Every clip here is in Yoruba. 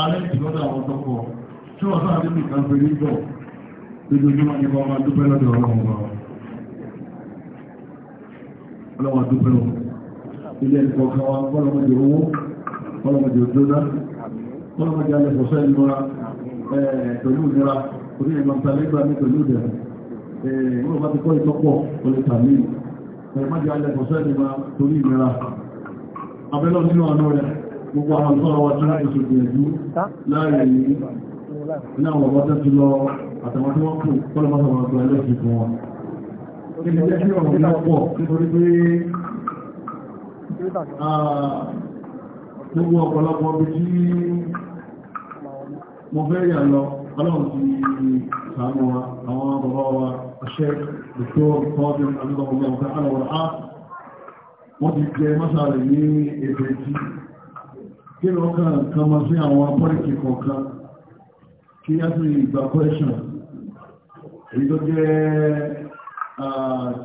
ààrẹ ìtìlọ́dọ̀ àwọn tọ́pọ̀ tí wọ́n sáà nínú ìkànfẹ́ nígbọ̀ lójoojúmọ́ nípa ọmọ dúpẹ́ lọ́dọ̀ ọlọ́run wa ọlọ́wọ́ dúpẹ́ o ilé ẹ̀kọ́ kan wa kọ́lọ́mọdé owó kọ́lọ́mọdé òjòdá kọ́lọ́mọdé alẹ́fọ̀ṣẹ́ ìnura pẹ̀lú ìnira orí ìmọ̀ntàlẹ́gbà ní pẹ̀lú ìdẹ̀rẹ̀ wọ́n bá ti kọ́ ìtọ́pọ̀ olè tàbí ẹ̀mọ́dé alẹ́fọ̀ṣẹ́ ìnura torí ìnira abẹ́lọ́ nínú àánú rẹ̀ gbogbo àwọn tó ọwọ́ tí wọ́n ti gbìyànjú láàrin yìí ní àwọn ọ̀pọ̀ tó ti lọ àtàwọn tí wọ́n kù pọ́lọpọ́lọ wọn tó ẹlẹ́sìn fún wọn níbi jẹ́ kí ọ̀rọ̀ náà pọ̀ nítorí pé gbogbo ọ̀pọ̀lọpọ̀ bí tí mo fẹ́ yà wọ́n ti jẹ mọ́sàlẹ̀ ní ètò ìtì kí lọ kàn kan mọ́ sí àwọn apọ́ìkì kọ̀ọ̀kan kí á sì ìgbà question èyí tó jẹ́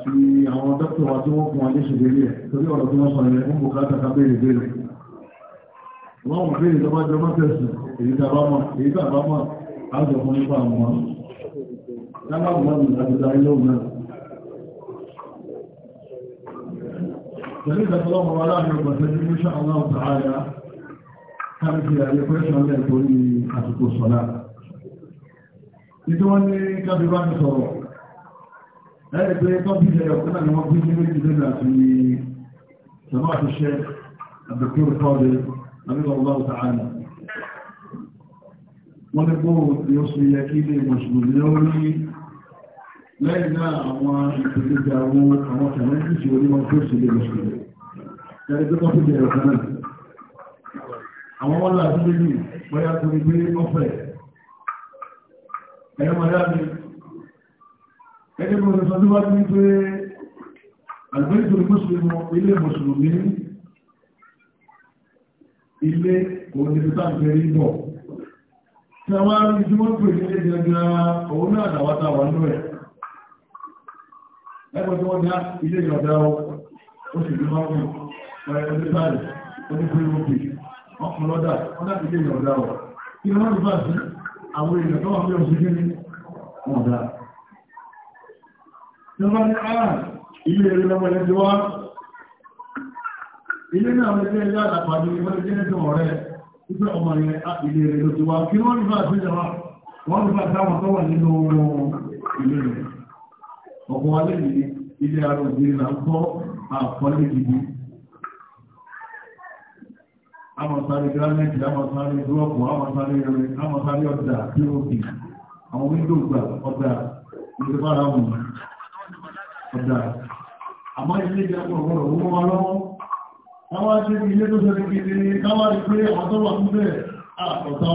ti àwọn dókítà wa tí wọ́n fún wa ní ṣèlérí ẹ̀ torí ọ̀rọ̀ tí wọ́n sọ yẹn ń bùkátà ká béèrè béèrè wọ́n mú béèrè tó bá jọ mọ́ tẹ̀sùn èyí tàbá mọ́ èyí tàbá mọ́ àjọ fún nípa àwọn lábàbọ̀ mọ́ ìdájúdá ilé òun náà pẹ̀lú ìdàkọ́lọ́mọ̀ aláàrin ọgbọ̀n tẹ́jú ní ṣàlọ́ káàkiri àyè pẹ́sàn lẹ́ torí àsìkò sọ̀lá nítorí wọ́n ní kábí bá ti sọ̀rọ̀ ẹ̀rẹ́ pé tọ́bí ilẹ̀ ọ̀pẹ́ náà ni wọ́n gbé nílé ìdílé àti sọ̀rọ̀ àti ṣe àbẹ̀kúrò kọ́ọ̀dẹ̀ abílọ̀wọ́ tààlà wọ́n ní kó ní ó sì yẹ kí ilé mọ̀ṣùlùmí ó rí lẹ́yìn náà àwọn ìpèsè àwọn àwọn tẹ̀lẹ́ńtì tí ó ní wọn tó sì lè mọ̀ṣùlùmí ẹ̀rẹ́ pé tọ́bí ilẹ̀ ọ̀pẹ́ náà àwọn ọlá àdúgbò yìí bọ́yá tó ní pé ọ̀fẹ́ ẹ̀yọ́ mọ̀lá mi ẹni mo sọ tó wá ní pé àlùbẹ́ẹ̀tò mùsùlùmí ilé mùsùlùmí ilé òǹdìbìtà ìgbẹ̀rí bọ̀ tí a máa rí tí wọ́n pè ní ilé gẹ́gẹ́ òun náà dàwátà wà ní ẹ̀ ẹgbẹ́ tí wọ́n dá ilé ìyọ̀dá ó sì bí máa ń mú ọ̀rẹ́ ẹgbẹ́ báyìí ó pé ọkùn lọ́dà ọdá ti lè ọ̀dá ọ̀ kí wọ́n rí bá sí àwọn èèyàn tó wà mẹ́rin síkẹ́ ní ọ̀dá tí wọ́n ní àà ah, ilé eré lọ́wọ́ ẹni tí wá ilé náà wọ́n jẹ́ ẹjá àpàdé wọ́n jẹ́ ẹjọ́ ọ̀rẹ́ ìfẹ́ ọmọ ah, ti wọ́n rẹ̀ amọ̀sáré granite amọ̀sáré gúrọ́pù amọ̀sáré rẹ̀ amọ̀sáré ọ̀dà pop àwọn wíńdò gbà ọ̀dà ìrẹ́bára wọn ọ̀dà àmọ́ ilé ìjà pọ̀ ọ̀rọ̀ owó wa lọ́wọ́ káwá sí ilé tó ṣe kékeré káwá rí pé àwọn tó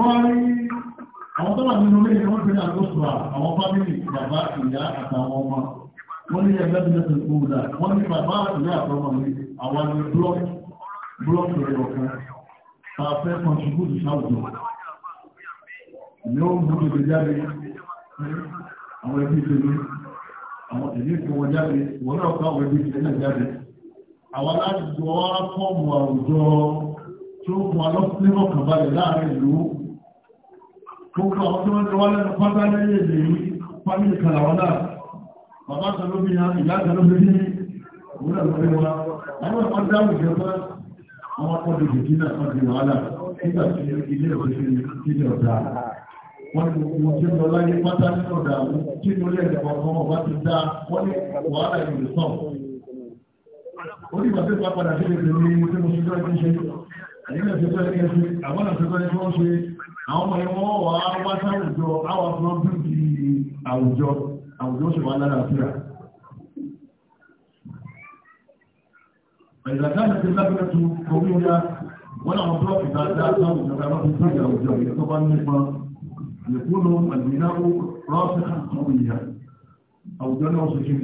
wà níbẹ̀ àwọn tó wà nínú ilé ìwọ̀n ìpínlẹ̀ àgbóṣùwà àwọn fámílì bàbá ìyá àtàwọn ọmọ wọ́n ní ẹgbẹ́ bí lẹ́sẹ̀ ìkóòdà wọ́n ní bàbá ìyá àtàwọn ọmọ àwọn ní blọ́ọ̀kì rẹ̀ ọ̀kan ta fẹ́ kọntribútù sáwùjọ ni ó mú ìgbé jáde àwọn ẹbí ìṣèlú àwọn ìdí ìṣẹ́ wọn jáde wọ́n náà kọ́ àwọn ẹbí ìṣẹ́lẹ̀ jáde àwọn alájọ fọ́ọ̀mù àwùjọ tó fún alọ́sílẹ̀ ọkàn balẹ̀ láàrin ìlú kókò àwọn tó ń tọwọ́ lẹ́nu pátá lẹ́yẹ̀ lèyí fámílì kàlàwọ́dà bàbá tàlóbi ìyá tàlóbi ní òwúrẹ̀ lórí wa àwọn ọmọ dáhùn jẹ́ pé àwọn akọ́dọ̀ jìjì náà kan di wàhálà nígbà tí ilé òṣèlú ilé ọ̀dà wọ́n ní wọ́n ti lọ láyé pátá nínú ọ̀dà tí mo lè lẹ́kọ̀ọ́ kan ọba ti dá wọ́n ní wàhálà ìlú àyíká ti fẹ́ kẹ́ sí àwọn àtẹ́fẹ́ tí wọ́n ṣe àwọn ọmọ ẹ̀wọ̀n wà á wá sáwùjọ àwọn afọ́n bí i àwùjọ àwùjọ ṣe wà lára àfíà ìgbàdáàmì ti lábẹ́rẹ́ tu orí ya wọ́n àwọn búlọ́ọ̀kì dáadáa sáwùjọ ká lọ́pọ̀ sí àwùjọ èyí tó bá nípa ìkúlù àgbìnáwó rọ́ọ̀sì àwùjọ náà ṣe ṣe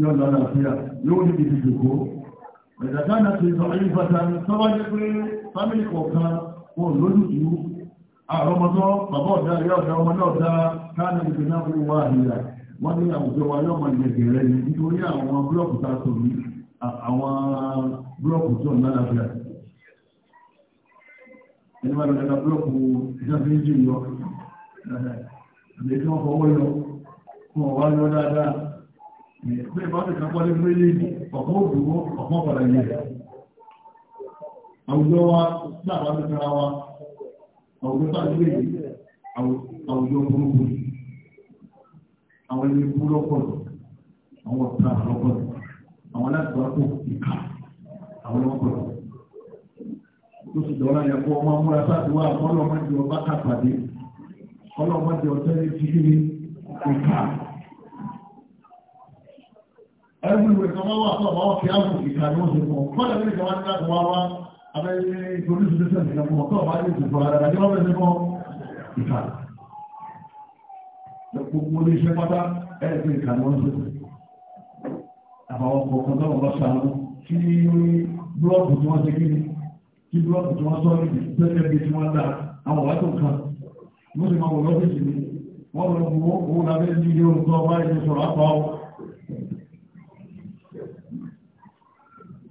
yọ lára àfíà yóò ní ìdìbò ẹ̀dá gánà ti sọ ayífàtà tọ́wọ́ jẹ́ pé fámìlì kọ̀ọ̀kan wọn lójútù àrọmọtọ́ bàbá ọ̀dá ìyá ọ̀dá ọmọ náà dá káàdì náà fún wa àhìyà wọ́n ní àwùjọ wa yọ́ máa rẹ̀ nítorí àwọn a ní àwọn tó ẹni máa pé ìbáṣẹ̀ kan pọ́lé méjì ọ̀pọ̀ òdúró ọ̀pọ̀ padà yẹ àwùjọ wa tí àbá ti fẹ́ra wa àwùjọ sáàgbé àwùjọ burúkú àwọn ilé búrọ́pọ̀ àwọn ọ̀tá àlọ́pọ̀ àwọn aláàtúwákò ìka àwọn ọ̀pọ̀ tó sì dọ́lá yẹ kó ọmọ múra sáàtì wá ọlọ́mọdé ọba kápàdé ọlọ́mọdé ọ̀tẹ́lẹ̀ tí kiri ìka ẹgbùn ìwé kan wá sọ àwọn ọkẹ àwọn ìkà ní oṣù kan kọ́lá ní ìjọba ní láti wá wá abẹ́yẹ ìtorí ìṣẹ́ ìṣẹ́ ìṣẹ́ ìṣẹ́ ọkọ̀ bá ní ìṣẹ́ ara àjọ ọmọ ẹ̀ṣẹ́ kan ìkà gbogbo ní iṣẹ́ pátá ẹgbẹ́ ìkà ní oṣù àbáwọn kọ̀ọ̀kan náà wọ́n ṣàánú kí búlọ́ọ̀kù tí wọ́n ṣe kí ni kí búlọ́ọ̀kù tí wọ́n sọ níbi tẹ́tẹ́ bí tí wọ́n dá àwọn wàá tó nǹkan wọ́n sì máa wọ̀ lọ́fíìsì ni wọ́n lọ gbogbo òun lábẹ́ ní ilé orúkọ báyìí sọ̀rọ̀ àpá ọ̀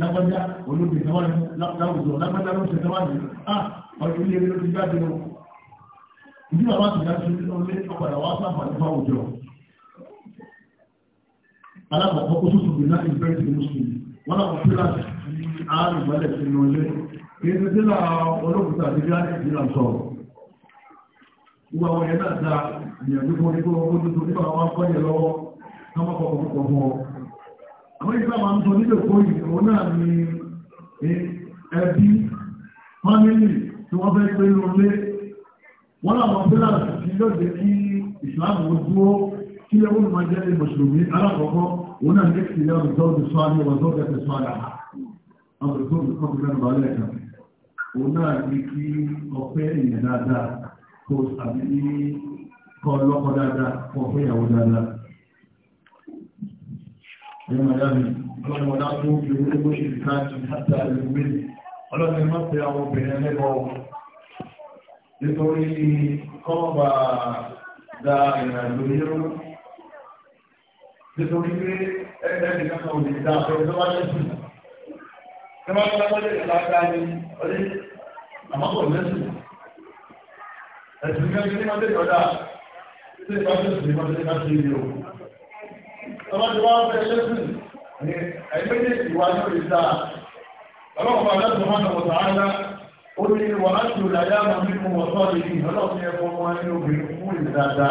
lágbájá olóògbé ìtawárí láwùjọ lágbájá ló ń ṣe ìtawárí à ọdún ilé ló ti jáde o ìdí bàbá ti dá sí ilé ọ̀padà wá sáfàní fún àwùjọ alákọ̀ọ́kọ́ kó sóso bí láti bẹ́ẹ̀ ti mùsùlùmí wọn làwọn fílà ti àárín ìgbàlẹ̀ sí inú ilé kìí ti dé láà olóògbé tàbí bí láti ìdílà sọ̀rọ̀ ìwà àwọn yẹn náà dáa ìyàgbé fún onígbó owó tuntun nígbà wọn kọ́ yẹn lọ́wọ́ ká àwọn ìgbà máa ń sọ nílò kó ìgbò náà ni ẹbí fámílì tí wọ́n fẹ́ pé lólé wọ́n làwọn pílàsì tí yóò jẹ́ kí ìsìláàmù dúró kí lè wọ́n máa jẹ́ mùsùlùmí alákọ̀ọ́kọ́ òun náà ní ìlẹ̀ ọ̀dọ́dù sọ́ọ́lì ọ̀dọ́dù sọ́ọ́lì àwọn dáadáa kó àbí kọ́ dáadáa ìwọ̀n ìdáhùn ọlọ́run wọ́n dájú fi owó tó ṣe ìfẹ́ àti ìfẹ́ àti ìwé ọlọ́run ni wọ́n pe àwọn obìnrin lẹ́bọ̀ nítorí kọ́ọ̀bà da ìrìnàjò yẹ́rọ nítorí pé ẹgbẹ́ ìdáhùn òní dá ọ̀rọ̀ tó bá lẹ́sùn ẹ máa ń lọ́wọ́ lè lágbá ní ọdí àmọ́kọ̀ lẹ́sùn ẹ̀sùn kẹ́kẹ́ ní wọ́n lè yọ̀dá tí ìbáṣẹ̀sùn ní wọ́n lè ká sí ilé òkú ọmọ tí wọ́n fẹ́ lẹ́sìn ní ẹgbẹ́ ìwájú ìta ọlọ́pàá aláṣọ máa tọ̀wọ̀ sàárá ó ní wọ́n á ti òdàyà máa ní fún wọn sọ́ọ̀lì ní ọlọ́pàá ẹ̀fọ́ wọn ní obìnrin fún ìdàdà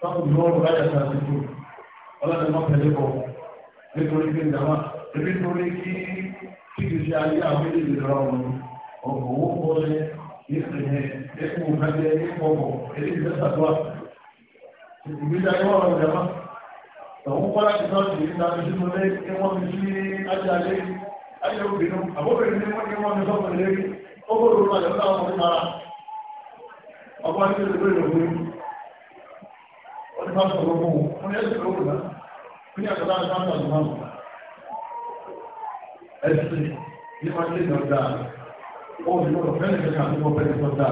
tọ́kùn lọ́rùn láyà sàtìkù ọlọ́pàá máa tẹ̀lé bọ̀ nítorí pé ìdàmà ebi torí kí kí kì í ṣe ayé àwọn ilé ìlera ọ̀run ọ̀pọ̀ owó pọ̀ lẹ́ ìpìlẹ̀ ẹ̀kú òkàdé ẹ̀kú ọ̀pọ̀ èyí ìgbésàtọ́ tọ̀hún kọ́ láti sọ́ọ̀tì nígbà tó sínú lé kí wọ́n fi sí ájá lé ájá obìnrin àbóbìnrin ní wọ́n ní wọ́n fi sọ́ọ̀tì lé rí ó gbọ́dọ̀ lọ́wọ́ àjọ táwọn ọmọdé mara ọgbọ́n ní ìlú ìlú ìlú ọdún bá sọ̀rọ̀ fún un wọ́n ní ẹ̀sìn lókùn náà wọ́n ní àjọ̀dá àjọ̀dá àjọ̀dá àjọ̀dá ẹ̀sìn ní wọ́n ti dọ̀dá òun ní wọ́n fẹ́ẹ́ nìkan àti wọ́n fẹ́ẹ́ dọ̀dá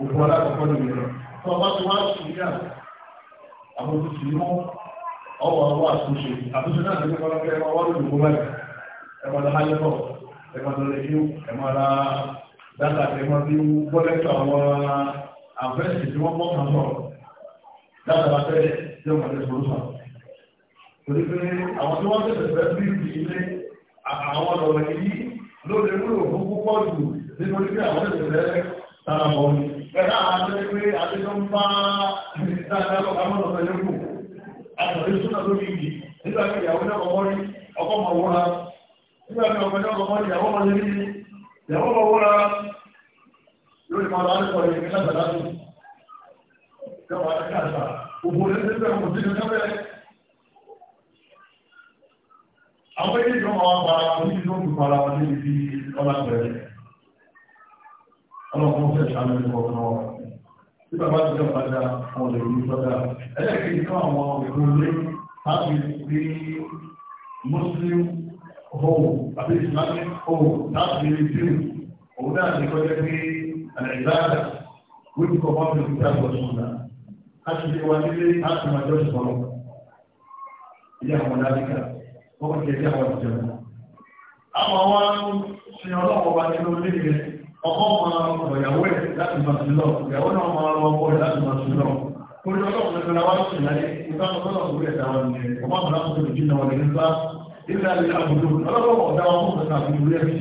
òkú alákọ̀ọ́kọ́ nìyẹn tó ọba tó wá sùn ní àbójútì ọwọ́ ọwọ́ àtúnṣe àtúnṣe náà ti kọ́kọ́ lọ́pẹ́ ẹmọ wọ́n lòdù gómìnà ẹmọ ọ̀dọ̀ hálẹ́bọ̀ ẹmọ ọ̀dọ̀ lẹ́yìn ẹmọ ọ̀dọ̀ dáta ẹmọ bí bọ́lẹ́tọ̀ àwọn àfẹ́sì tí wọ́n mọ́ kan sọ dáta bá fẹ́ yóò mọ̀ lẹ́sọ̀ lọ́sọ̀ torí pé àwọn tí wọ́n tẹ̀sẹ̀ fẹ́ bí ibi ilé àwọn ọ̀dọ̀ yìí ló lè wúlò fún púpọ̀ jù nítorí pé àwọn tẹ̀sẹ̀ fẹ́ tara bọ̀ ní. Bẹ́ẹ̀ náà a ti rí pé a ti tó ń bá a lọ́kàmọ́ lọ́sọ̀ yókù àtàrí lórí ìdí nígbà tí ìyàwó náà kọ̀kọ́ rí ọkọ̀ máa wúra nígbà tí ọkọ̀ náà kọ̀kọ́ rí ìyàwó máa lérí ìyàwó máa wúra lórí máa lọ́wọ́ nípa ìrìn nígbà tàbí àti ìjọba àti àṣà òbò lè ṣe bẹ́ẹ̀ sí ní ọjọ́ àwọn ilé ìjọba wa pa àwọn ilé ìjọba pa ara wọn níbi ọlá pẹ̀lẹ́ ọlọ́kùnrin fẹ́ tí bàbá ti jọ padà àwọn ọ̀dọ̀ ìlú sọ́dà ẹlẹ́ẹ̀kejì fún àwọn ìgbòlé láti rí muslim home àbí islamic home láti rí jù òun náà ti kọjá pé àìláàdà wípé kọ̀ máa fi ìgbà bọ̀ sọ̀dà láti lè wá nílé láti máa jọ sọ̀rọ̀ ilé àwọn ọ̀dàdìkà wọ́n kọ̀ kí àwọn ìjọba. àwọn wa ń sin ọlọ́wọ́ wa nínú ilé ọkọ máa rọ ìyàwó ẹ̀ láti máa sí lọ ìyàwó náà máa rọ ọkọ ẹ̀ láti máa sí lọ torí ọlọ́run ẹgbẹ́ wa sì láyé ìbámu ọlọ́run orí ẹ̀dá wa nìyẹn ọmọ àbúrò àwọn ọmọdé jìnnà wọn ní bá ilé àlè àbúrò ọlọ́run ọ̀dá wa fún ọ̀dá àbúrò orí ẹ̀sìn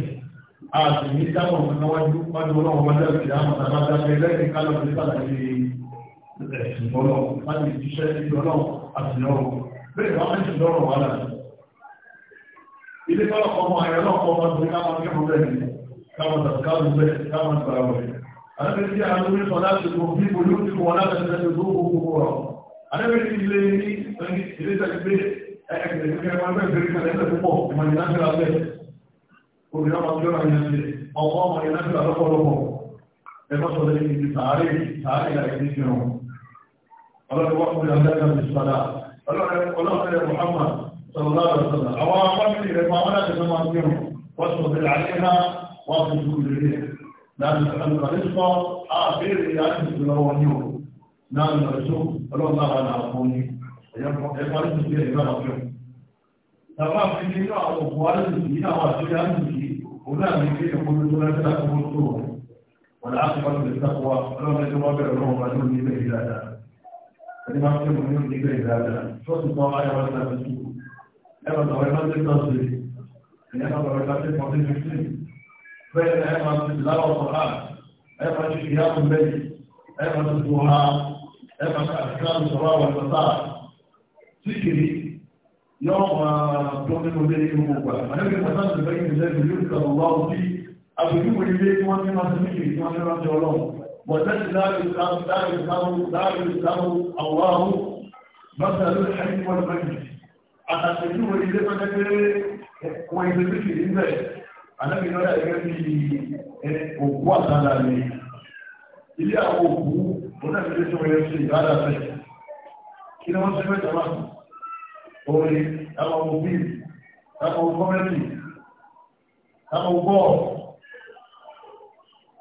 àti ní dáhùn ọ̀dá wájú wájú ọlọ́run wájú àti àwọn àbá dábẹ́ lẹ́yìn kálọ̀ ní sàlàyé ẹ̀sìn ọlọ́run láti ṣiṣẹ́ ìlú ọlọ́run àti ọ̀run bẹ́ẹ̀ wọ́n á ti lọ́rọ̀ wà láti ilé kọ́lọ̀ kọ́mọ ayọ̀ náà kọ́mọ kama tafkaru bẹ́ẹ̀ kama tafkaru bẹ́ẹ̀ alábẹ́ tí a lórí sọ láti kò bí bolú ti kò láti ẹgbẹ́ tó kò kò rọ̀ alábẹ́ tí ilé ní ilé tàbí pé ẹgbẹ́ ìgbẹ́ wọn bẹ́ẹ̀ bẹ́ẹ̀ kẹlẹ́ ẹgbẹ́ púpọ̀ ìmọ̀lẹ́ láti ra bẹ́ẹ̀ obìnrin ọmọ ọjọ́ ayé ṣe ọmọ ọmọ yẹn láti ra lọ́pọ̀lọpọ̀ ẹgbẹ́ sọ lẹ́yìn ibi sàárè sàárè àìsí fi hàn Muhammad sọ̀rọ̀ láàrọ̀ sọ̀rọ̀ àwọn akọ́ni rẹ̀ máa wọ́n láti fẹ́ máa fi وفي الكلية لأن الرزق آخر يعني الروانيو لأن الرزق الله تعالى عفوني يقارن في إذا رفيع ترى في كل أقوال إذا وجدها منك هناك يقول لك لا تقول والعاقبة للتقوى فلما جواب الروم رجل به إلى ذلك فلما يقول من يؤدي به إلى ذلك شرط الضوايا ولا تسوء لما ضوايا ما تقدر تسوء لما ضوايا ما تقدر bẹ́ẹ̀ ni ẹ máa ti láwọ̀ sọ̀rọ̀ ẹ máa ti fi yàgò mẹ́lì ẹ máa ti tó ha ẹ máa ti àti káàmù sọ̀rọ̀ àwọn ìtọ́ta síkìrì yóò máa tó nínú ilé ní gbogbo gbà àdébí ìtọ́ta ti bẹ́ẹ̀ ni lẹ́nu yóò kà lọ́wọ́ sí àbẹ̀júwe ilé tí wọ́n ti máa ti síkìrì tí wọ́n ti rántí ọlọ́run وذلك لا يسلم لا يسلم لا يسلم الله مثل الحي والميت àtàkùn ìwé ilé pẹ́kẹ́kẹ́ wọn ìgbésí ànábì náà gẹ́gẹ́ bí òkú àtàlà rẹ̀ ilé àwọn òkú onáfíìsì tó wọlé sí ìbára rẹ̀ kí ni wọ́n ti fẹ́ tọ́lá orin àwọn òbí àwọn kọ́mẹ́tì àwọn bọ́ọ̀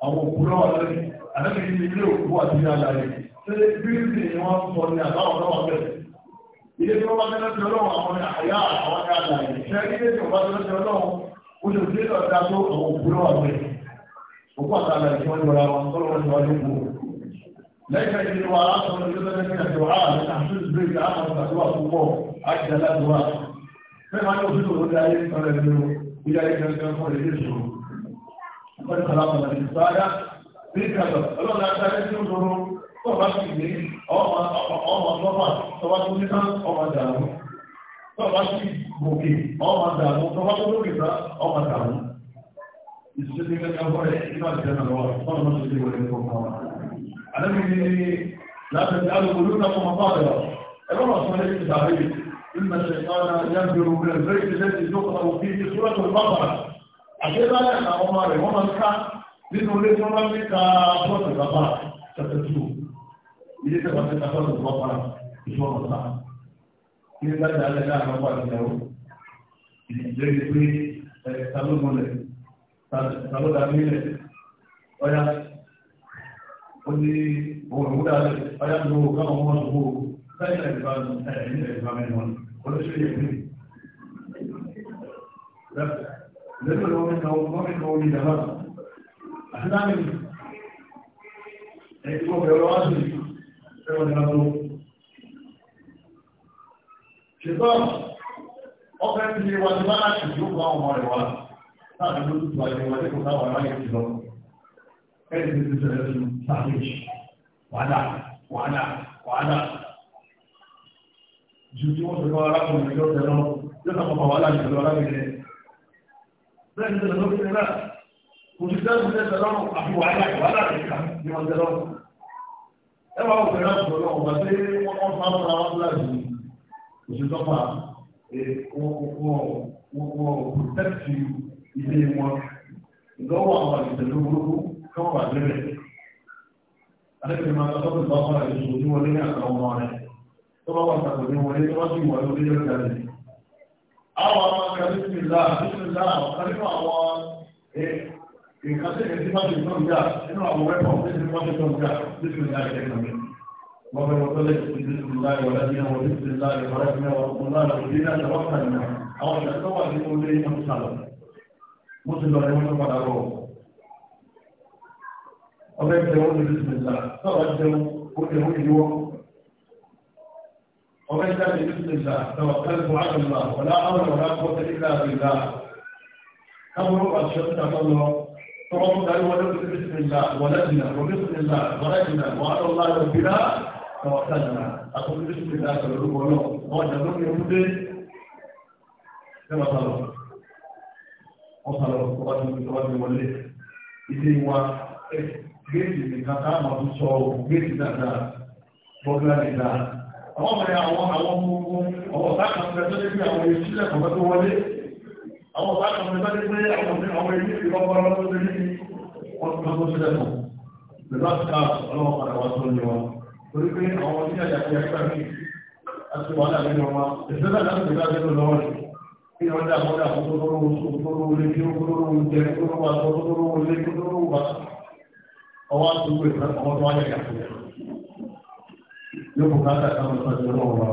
àwọn òkú náà lórí ànábì ní ilé òkú àti ìyára rẹ̀ ṣé bíríìtì ni wọ́n sọ ní àbáwọn náà bẹ̀rẹ̀ ilé tí wọ́n bá fẹ́ lọ́sẹ̀ ọlọ́run àwọn àyà àwọn àyà àlàyé ṣé ilé tí wọ́n bá fẹ́ lọ́sẹ̀ ọlọ́run olùdílé ọ̀dà tó àwọn òkúrọ̀ ọ̀gbẹ́ òkú àtàlà ìfọ́jú ara wọn tó lọ́wọ́ ìwájú kù. lẹ́yìn ẹ̀jẹ̀ ni wàá sọ ní ọjọ́ tẹ́lẹ̀ ní àjọ àà ní àṣírí bíríkì àwọn ìgbàdúrà púpọ̀ àjẹlá dùwà. bẹ́ẹ̀ máa ní òfin òwò ní ayé ìtọ́lẹ̀ ní o ilé ayé gẹ́gẹ́ fún ilé ìṣòro. wọ́n ti kàlá ọ̀nà ìsáyà bíríkà lọ ọlọ́run àtàlẹ́ tí ó lọ́rọ́ tó bá sì ní ọmọ ọmọ tó bá sí òkè ọmọ dàmú tó bá tó lókè sá ọmọ dàmú ìṣẹ́lẹ̀ kẹta fọ́ rẹ̀ nígbà tí a lọ wọ́n lọ sí ìwé ẹ̀kọ́ kan wọn. àdébí ni láti ṣe alùpùpù lókè fún ọmọ àdà ẹ̀rọ wà fún ẹ̀kí tàbí ìmọ̀ ṣe kọ́ra yàgbẹ̀rù rẹ̀ lórí ìṣẹ́ ti lókọ̀ òkè ti súrọ̀ tó bá bàrà. àṣẹ́bálẹ̀ àwọn ọmọ rẹ̀ wọ́n máa ń ká nínú ilé tó máa ń ká bọ́ọ̀sì bàbá ṣàtẹ̀tù ilé tẹ̀wọ̀n tẹ̀ta bọ́ọ̀sì bàbá ìṣọ́ ní sáàtà alẹ́ náà máa wà níyàwó ìdílé pé talógunlẹ̀ talódàmílẹ̀ ọ̀yá ó ní òun òwúrọ̀ alẹ́ ọ̀yá ló wò káwọn ọmọ tó wò sáyẹn ẹ̀dùn bá nù ẹ̀yìn ẹ̀dùn bá mẹ́rin wọn olóṣèlú yẹn pé lẹ́nu ló ń náwó wọ́n ń náwó nígbà náà àti láàmì ẹ̀dùn ọ̀bẹ̀ ọlọ́wà sí ẹ̀wọ̀n ìlànà ṣùgbọ́n ọ̀fẹ́ ti lè wà ní bá láti yóò bá ọmọ rẹ̀ wá láti ló tutù àyè wọlé kó náà wà láyé ti lọ. Ẹni tí ti sọ̀rọ̀ sí sáfíìsì wàhálà wàhálà wàhálà. Ju tí wọ́n sọ̀rọ̀ arákùnrin yóò tẹ̀ lọ yóò tẹ̀ pàpà wàhálà ìṣẹ̀lẹ̀ arábìnrin. Bẹ́ẹ̀ ni tẹ̀lé lókè náà kò sí sẹ́yìn tẹ̀lé lọ́rùn àfi wàhálà wàhálà ìka ni wọ́n tẹ̀lé Ẹ wá òkè náà sọ̀rọ̀ oṣù tọ́pà wọ́n pẹ̀tẹ́tì ilé wọn lọ́wọ́ àwọn àgbẹ̀tẹ̀lú burúkú káwọn wà lẹ́rẹ̀. Adékùnrin máa tọ́tọ́ tó bá wà láti ṣòwò tí wọ́n lé ní àtàwọn ọmọ rẹ̀. Tó bá wà tàbí ní wọlé tó bá sì wà lórí yóò jáde. Àwọn ọmọ kan ní ìlà ìṣẹ̀lá ọ̀kan nínú àwọn nǹkan tí èyí ti ń jà nínú àwọn wẹ́pọ̀ tí èyí ti máa ń jà ní ومن وصلت بسم الله ولدنا وبسم الله خرجنا وقلنا لقدنا توكلنا او نتوى بامورنا مصلى مسلم رحمه الله تعالى ọbẹ̀ jẹun ní bísímìlá sọ̀rọ̀ jẹun ó lè wọ́n yíwọ́ ọbẹ̀ jáde bísímìlá sọ̀rọ̀ kẹ́lẹ́kùn àgbàlá wọlá àwọn ọ̀rá kọ́tẹ́ nígbà àgbèlá káwọn ọ̀rọ̀ àṣẹ ọ̀tà tó lọ tọwọ́ mú darí wọlé bísímìlá wọlé jìnà wọlé bísímìlá wọlé jìnà wọ́n á lọ́ọ́ tọwọ́sánà àkókò tó ti dáa lórúkọ náà wọ́n jà lókè ọdúndé lẹ́wọ̀n sálọ wọ́n sálọ wọ́n ti wọ́n ti wọlé ilé wa géètì nìkan ká máa tún sọ ọ́ géètì dáadáa bọ́gílá nìta àwọn ọmọ yẹn àwọn àwọn gbogbo ọwọ́ bá kan fẹ́ tó dé bí àwọn èyí sílẹ̀ kọ̀ọ̀kan tó wọlé àwọn bá kan fẹ́ tó dé pé àwọn àwọn èyí ti lọ́wọ́ lọ́wọ́ tó dé bí wọ́n ti lọ́wọ́ sílẹ̀ kọ̀ pẹ̀lú àti káàtó ọlọ́wọ́ padà wá tó ń yẹ wọn torí pé àwọn ọdún yàjà fi ẹgbẹ́ mi àti wàhálà nínú wa ìṣẹ́lẹ̀ láti gbé láti lọ lọ́wọ́ kí wọ́n dá àwọn dàbọ̀ tó lọ́wọ́ oṣù tó lọ́wọ́ lé kí ó lọ́wọ́ oúnjẹ tó lọ́wọ́ aṣọ tó lọ́wọ́ lé tó lọ́wọ́ wa ọwọ́ àtúgbò ìfẹ́ àwọn tó wáyà yàtọ̀ yóò bùkátà káwọn ìfẹ́ lọ́wọ́ wa.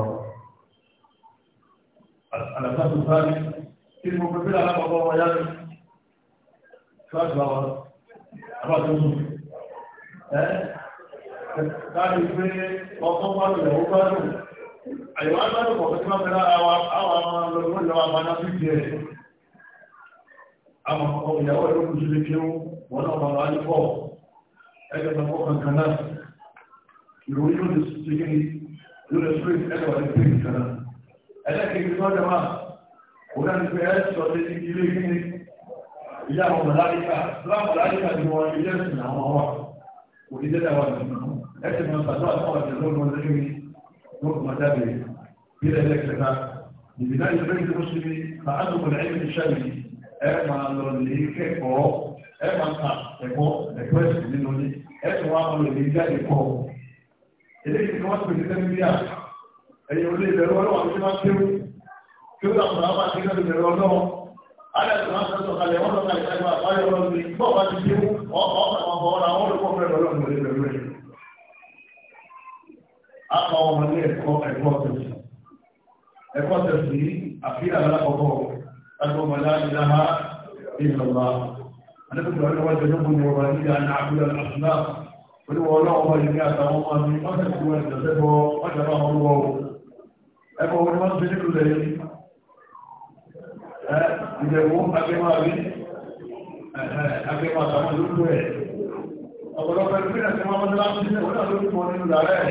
àlàfà tó sáré kí mo fi bí alábọ̀bọ̀ wọn yá mi láti pé ọkàn bá lè ó bá dùn àyíwá bá dùn kọ̀ọ̀kan tí wọ́n fẹ́ lára wa àwọn ọmọ lọ́wọ́ ìyàwó àbáná sí ìdí ẹ̀ àwọn ọmọ ìyàwó ẹ̀rọ kùsù lè kí wọn náà bàbá ní pọ̀ ẹgbẹ́ tó kọ́ kankan náà ìròyìn yóò lè ṣe kí yóò lè ṣe ẹgbẹ́ wà ní pé kankan náà ẹlẹ́kẹ̀ẹ́ tí wọ́n jẹ́ máa kò náà ní pé ẹ sọ lé ilé kí ni ìyá àwọn mọ̀láríkà wọ́n ilé ẹ̀sìn àwọn wà kò ní dẹ́dà wà nínú ẹ̀sìn máa bàtà àwọn ọ̀dẹ̀ lọ́wọ́ lẹ́yìn ní lọ́wọ́ máa dábẹ̀ bí ẹ̀lẹ́ kẹta ìbí náà yóò fẹ́ẹ́ tó síbi máa á dùn mọ̀lẹ́ ẹ̀yìn iṣẹ́ yìí ẹ máa lọ lè kẹ́kọ̀ọ́ ẹ máa ta ẹ̀kọ́ ẹ̀kọ́ ẹ̀sìn nínú ní ẹ tún wá lọ lè jáde kọ́ eléyìí ni wọ́n pè ní sẹ́míà ọkọ̀ ọ̀rọ̀ àwọn olùkọ́ fẹ́ lọ́lọ́ mọ̀ lẹ́nu rẹ̀. A ọmọ ní ẹ̀kọ́ ẹ̀kọ́ tẹ̀sí. Ẹ̀kọ́ tẹ̀sí àfihàn alákọ̀ọ́kọ́ ẹ̀kọ́ mọ̀lá ìlànà ìlọ́lá. Adébùtù ọlọ́wọ́ ọba yìí ní àtàwọn ọmọ ọ̀pọ̀lọpọ̀ ẹgbẹ́ náà tí wọ́n mọ́tò láti sílẹ̀ wọ́n náà ló kọ́ nínú rárẹ̀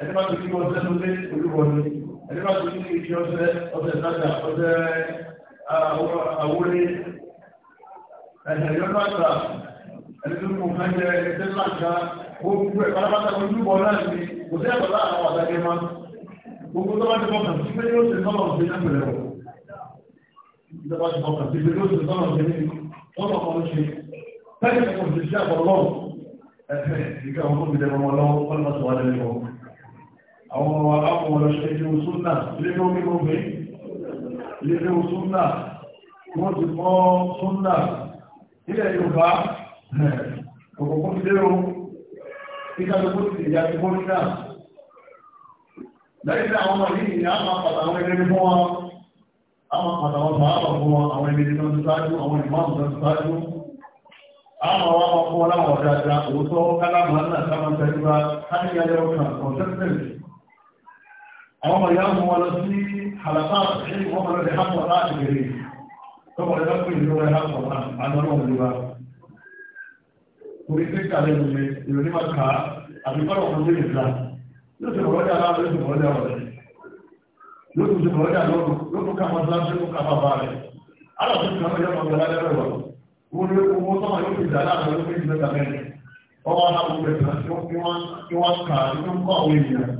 ẹni bá ti kí wọ́n sẹ́nu lé olúwọ́ ni ẹni bá ti kí kí kí ọ̀sẹ̀ ọ̀sẹ̀ sájà ọ̀sẹ̀ àwúrẹ́ ẹ̀sẹ̀ yọ́nà àgbà ẹni tó kún fẹ́ jẹ ẹsẹ̀ láǹkà gbogbo ẹ̀ pátápátá olúbọ̀ náà ni kò sí ẹ̀kọ́ láàrín àwọn àdájẹ́ máa gbogbo tó bá ti mọ̀kàn sí pé yóò ṣe sọ́nà ọ̀sẹ̀ náà pẹ̀lẹ́ wọ̀ ìjọba ti mọ̀kàn sí pé yóò ṣe ìgbà wọn kò tẹ̀wọ́ wọn lọ́wọ́ wọn lọ́sọ̀ wà lẹ́yìn wọn àwọn ọmọ akọ̀wọ̀ lọ ṣe ilé òsúnà ilé omi omi ilé òsúnà wọ́n ti mọ́ súnà ilẹ̀ Yorùbá òkùnkùn ti dérò ìkàlùkù ti ìyá ti bóni náà lẹ́yìn tí àwọn ọmọ yìí ni a máa pàtà àwọn ẹgbẹ́ fún wọn a máa pàtà àwọn sàárà fún wọn àwọn ẹgbẹ́ tó ń ṣáájú àwọn ìmáàmù tó ń ṣáájú àwọn àwọn ọmọ fún ọláwọ̀ dáadáa òótọ́ kálámà náà sáwọn tẹ́lúwá káníyàlẹ́ ọkàn consensus àwọn ọmọ ìyá mú wọn lọ sí àlàfà sí wọn mọ̀ lọ́dẹ̀ hapọ̀ láti bèrè tọ́pọ̀ lọ́dẹ̀ pé ìlú rẹ̀ hapọ̀ àdánwò ìlúwa orí tí kàlẹ́ mi ni ìlú ní máa kà á àbí kọ́lọ̀ fún mi nìkan yóò ti bọ̀wọ́dà láàrín yóò ti bọ̀wọ́dà ọ̀rẹ́ yóò ti bọ̀wọ́dà lọ́dún yóò tún ká wọ́n lé owó náà yóò fi dà láàrin ọdún méjì mẹ́ta mẹ́rin ọwọ́ aláwọ̀ ẹ̀sán tí wọ́n kà nínú kọ́ àwọn èèyàn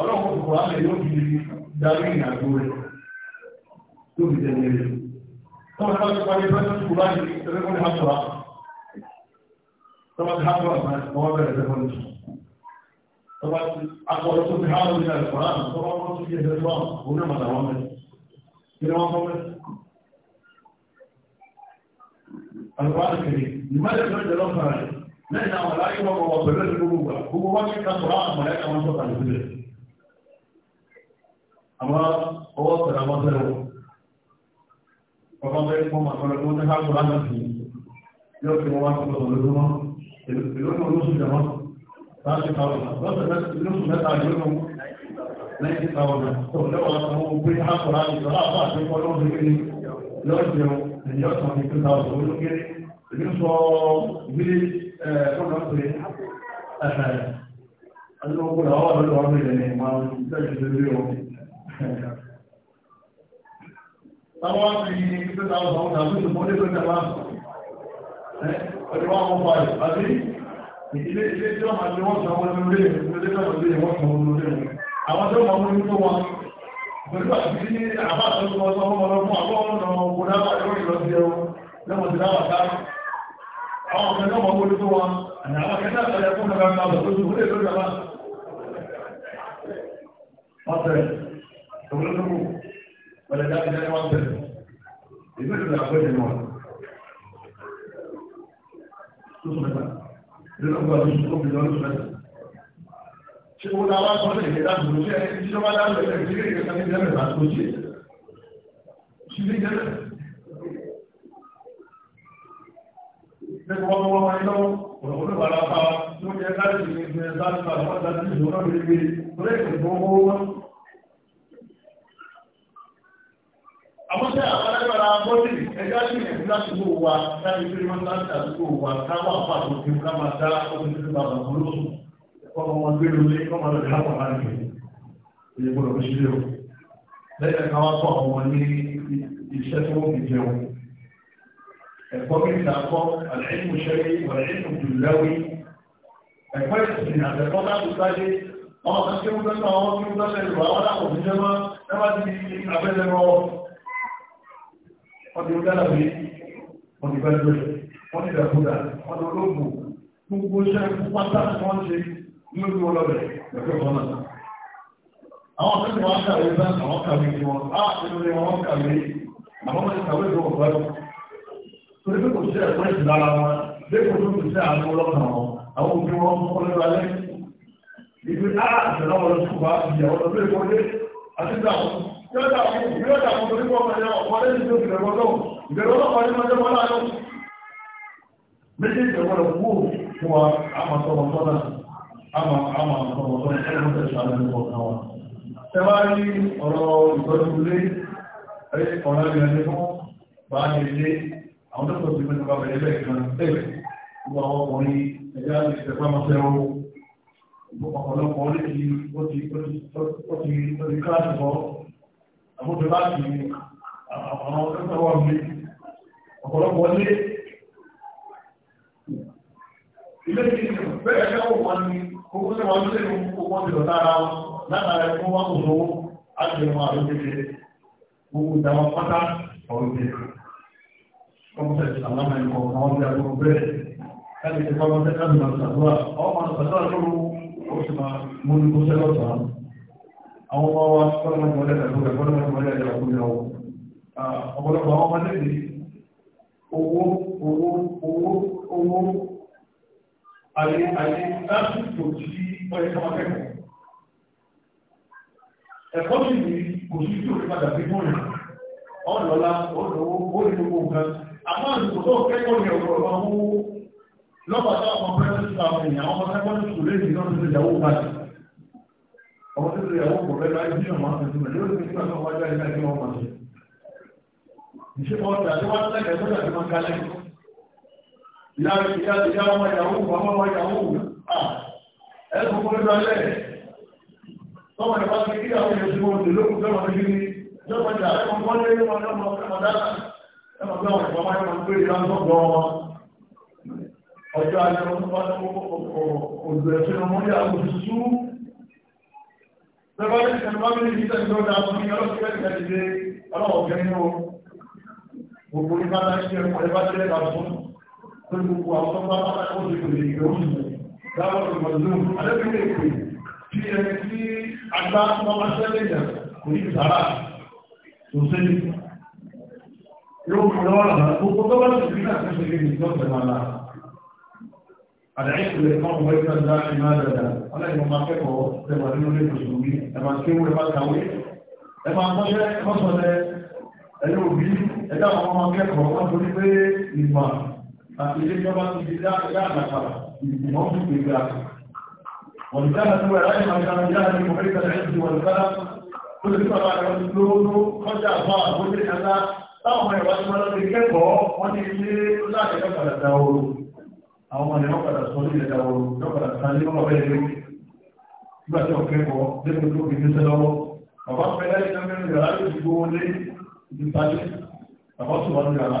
ọlọ́run kò kọ́ àmì yóò fi darí ìrìnàjò rẹ̀ tó fi tẹ̀lé rẹ̀. tọ́wọ́n náà ti parí pẹ́sẹ́ tó bá yìí tẹ́lẹ̀ kọ́ni hàn tọ́wọ́ tọ́wọ́ ti hàn tọ́wọ́ àwọn bẹ̀rẹ̀ tẹ́lẹ̀ kọ́ni tọ́wọ́ ti akọ̀rọ̀ tó fi hàn lórí àlùfáà tọ́wọ́ tó fi yẹ Al-Qur'an al-Karim لماذا تريد الله فرعي لأن ملائكة وقبلات القلوب هو وجه كسراء ملائكة من صدق الفجر أما هو صدق مصدره فقام بينكم أقول لكم تحال قرآن فيه يوكي مواقف تضللهم يقولون الرسل جماعة تاشي قاولنا بس الرسل لا تعجبهم لا يتقاولنا لو أنه كل حال قرآن فلا أصعب يقولون بإني يوكي ẹ̀yìn ọ̀sán ní two thousand olóńgẹ́rẹ́ èmi ń sọ ìgbélé ẹ̀ẹ́dọ́gba pé ẹ̀ẹ́dọ́gba àwọn ọ̀dọ́ ọmọ ilẹ̀ ní ìmọ̀ àwọn ìgbésẹ̀ lórí ọ̀ Táwọn fi two thousand ọ̀hún tàbí ìṣòfò ní ìgbésẹ̀ máa ọdún wọn kọ́ fà àbí ilé ilé tí wọ́n máa ń lé wọ́n sọ wọn lórí ẹ̀ wọ́n sọ wọn lórí ẹ̀ àwọn tó máa mú ní tó wọn pẹ̀lú àti àbá àtọ́jú ọjọ́ ọmọ ọlọ́mọ àbọ̀ ọ̀nà ogun dábàá lórí lọ sí ẹwọ lẹ́wọ̀n ti dábàá ká àwọn ọmọ ẹ̀dọ́ ọmọ ogun tó wọn àti àwọn akẹ́kẹ́ àtọ́jú ṣe wọ́n náà wá sọ́dọ̀ ìgbéra tó ṣe ìjọba dáhùn ẹ̀rẹ́ ìdílé ìgbésẹ̀ ní ìjẹ́rẹ̀ bá tó ṣe ṣe ní ìjẹ́rẹ̀. Bẹ́ẹ̀ni wọ́n wọ́n wáyé lọ́wọ́ ọ̀rọ̀ olóòwò ara bá wa tí wọ́n jẹ́ láti ṣe ìgbésẹ̀ láti bá wọn dájú ìṣòro náà lè gbé lórí ìgbésẹ̀ owó wọn. Àmọ́ṣẹ́ àbálágbára bọ́dì ẹ̀yà sí ẹ̀kú láti gbó wa láti gbé wọn láti àdúgbò wa káwà pàtó kí wọn máa dá ọdún tó bá wọn lóṣù ọmọ ọmọ gbé lórí ọmọ lọ sí àwọn àmì ìyẹn gbọ́dọ̀ fi sílẹ̀ o lẹ́yìn ẹ̀ka wá kọ́ àwọn ní iṣẹ́ tí wọ́n fi jẹun ẹ̀kọ́ mẹ́ta kọ́ àlẹ́yìn ìṣẹ́lẹ̀ gbogbo iṣẹ́ pátá wọ́n ṣe ní ojú ọlọ́bẹ̀ lọ́pẹ́ wọn náà. Àwọn tó ti wọ́n kàwé bá àwọn kàwé ní wọn, á ah, inú ni wọ́n kàwé, àwọn ọmọdé kàwé tó wọ̀ pẹ́lú. Torí pé kò sí ẹ̀kọ́ ìsìn lára wọn, lẹ́kọ̀ọ́ tó kò sí àánú ọlọ́kàn wọn, àwọn òbí wọn ń kọ́ lẹ́nu alẹ́. Ìgbé á ah, ìṣẹ̀lá wọn lọ́sùn wá ìyà wọn lọ́sùn èkó lé àti ìdáhùn. Yọ́dà àwọn ìgbéyàwó àwọn torí wọn máa yọ ọ̀pọ̀ lẹ́yìn tó ìbẹ̀rù ọlọ́run. ọmọ sọ́nà àmà àmà ọ̀pọ̀lọpọ̀ ẹgbẹ́ ìṣàlẹ̀ ọ̀kan wa. Tẹ́bá ní ọ̀rọ̀ ìtọ́jú ilé, ọ̀rọ̀ ìrìnàjò fún bá ní ilé, àwọn tó kọ̀ sí mẹ́ta bá bẹ̀rẹ̀ bẹ̀rẹ̀ kan tẹ́lẹ̀. Gbogbo àwọn ọkùnrin ẹ̀yà ti ṣẹ̀fà máa fẹ́ owó. Ọ̀pọ̀lọpọ̀ orí ti ó ti ó ti ó ti káàtì bọ́. Àbújọ láti àwọn ọ̀dọ́ta wà mí. Ọ̀pọ̀lọpọ̀ ilé. Ilé ti bẹ́ẹ̀ ṣẹ́wọ̀ wọn ni kókó sẹ́wọ̀n ọdún lẹ́nu kókó ti lọ lára wọn látara ẹ̀kọ́ wọn kò lówó àjẹmọ́ àrùn kékeré gbogbo ìdáwọn pátá ọ̀rọ̀ kékeré. Kọ́mọ̀tẹ̀ ìsàlámà ẹ̀kọ́ kan wọ́n ti àgbọ̀ bẹ́ẹ̀ láti ṣe kọ́mọ̀ tẹ́ká lù máa ṣàdúrà ọmọ ṣàdúrà tó rú ó sì máa mú ní kó sẹ́lọ̀ tó àwọn. Àwọn ọmọ wa kọ́lọ́mọ̀ ìmọ̀lẹ́ ìdàgbọ́lẹ̀ kọ́lọ́mọ̀ ìmọ̀lẹ́ ìdàgbọ́lẹ̀ ọ̀pọ̀lọpọ̀ àwọn ọmọdé owó owó owó owó àyè àyè lásìkò tí wọ́n yẹ kọ́mọ kẹ́kọ̀ọ́. ẹ̀kọ́ sì ní kò sí tí òfin padà sí fún yìí ọ̀n lọ́la olówó orí gbogbo nǹkan àmọ́ àsìkò tó kẹ́kọ̀ọ́ ní ọ̀rọ̀ ọ̀rọ̀ mú lọ́pàá tó àwọn pẹ́ẹ́sì tó àwọn èèyàn ọmọ sẹ́kọ́ndì sùn lé ìdí lọ́dún ìyàwó báyìí ọmọ tó ti yàwó kò bẹ́ẹ̀ láyé bí ọmọ àtẹ̀sùn rẹ̀ lórí nígbà tó wájú àyíká ìgbà ọmọ rẹ̀ ìṣe ọ̀tà tí wọ́n tẹ̀lé tó kálẹ̀ ìyá ìyá ìyá ọmọ ìyàwó ọmọ ọmọ ìyàwó ẹ̀sùn kúrò lọ́lẹ̀ tọ́mọ̀ ìyàwó ti kí àwọn èèyàn tí wọ́n lè lókùn tọ́mọ̀ ní kíní lọ́pọ̀ ìjà ẹ̀mọ̀ kọ́ lé ní wọn lọ́mọ ọ̀dọ́dá ẹ̀mọ̀ bí àwọn ìfọwọ́ ẹ̀mọ̀ ń pè é lọ́sọ̀ gbọ́ wọn ọjọ́ ajé wọn bá ní òdò ẹ̀sìn ọmọ ní àwọn òṣìṣú lọ́pọ̀ ìṣẹ̀lẹ̀ wọn bí ní ìṣẹ̀lẹ̀ tó dáa fún mi ọlọ́pọ̀ ìṣẹ̀lẹ̀ كل مواصفة أقول لكم اليوم دعوة المظلوم أنا بيكم في أنتي عندها مقاسلية كل سارة تسلي يوم حلوانها وقطوة سبيلة تسلي من جوة مالا العيش للإمام بيت الله لماذا لا أنا إمام أكبر تبارين لي مسلمين أما كيو لما كاوي أما أنت مصر أيوبي أنا أمام أكبر أنا بقول لي إمام àti ilé ìjọba ti di dáadáa ìgbìmọ̀ fún ìgbà والجنة هو العلم كان جهل محيط العز والبلد كل سبع يسلون خشع الله وجه الله táwọn ẹ̀wà tí wọ́n lọ́dún kẹ́kọ̀ọ́ wọ́n ní ilé láti lọ́pàdà dáwòrò àwọn ọmọdé lọ́pàdà sọ ní ìdáwòrò lọ́pàdà sáré lọ́pàá bẹ́ẹ̀ lé nígbà tí wọ́n kẹ́kọ̀ọ́ lẹ́nu tó fi níṣẹ́ lọ́wọ́ bàbá fẹ́ láti lọ́mẹ́rin yàrá yóò ti gbówó lé ìdípadé bàbá tó wà ní yàrá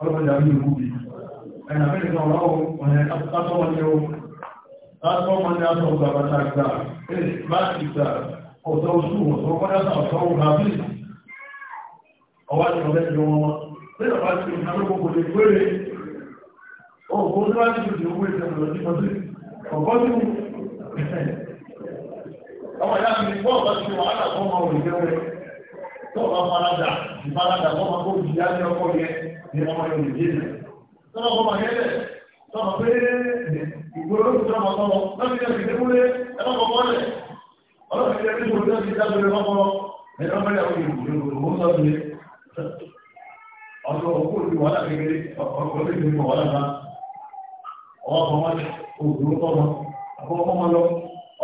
ọlọ́pàá ìdàmí ìlú bí ẹ̀nà mẹ́rin náà wọ́n wọ́n yẹn kásọ́wọ́ ní o kásọ́wọ́ ní aṣọ ọgbà bàtà gbà ẹ̀ láti gbà ọ̀tọ̀ oṣù ọ̀tọ̀ wọ́n yàtọ̀ ọ̀tọ̀ ọ̀gbà bí ọwọ́ àti ọ̀bẹ́ ìlú wọn lẹ́yìn ọ̀pá ti ìlú náà gbogbo lè gbére ọ̀gbọ́n tó láti ṣe owó ìṣẹ̀lẹ̀ lọ́dí mọ́tí ní ọmọ yóò lè yéèyàn tọ́lá ọmọ yẹlẹ̀ tọ́lá pé ìgboro ló ti tọ́lá ọmọ tọ́lọ lọ́sí ẹ̀ fi dẹ́kúlé ẹ̀rọ ọmọ ọ̀lẹ̀ ọlọ́sí ẹ̀ fi dẹ́kúlé lọ́sí ìdájọ́ ẹ̀rọ ọmọ ẹ̀rọ ọmọ ẹ̀rọ ọmọ ọ̀dọ̀ òkú òbí wàhálà kékeré ọ̀pọ̀lọpọ̀ lè fi wàhálà náà ọwọ́ ọmọ wọn òdòdó tọ́lọ àbọ̀ ọmọ lọ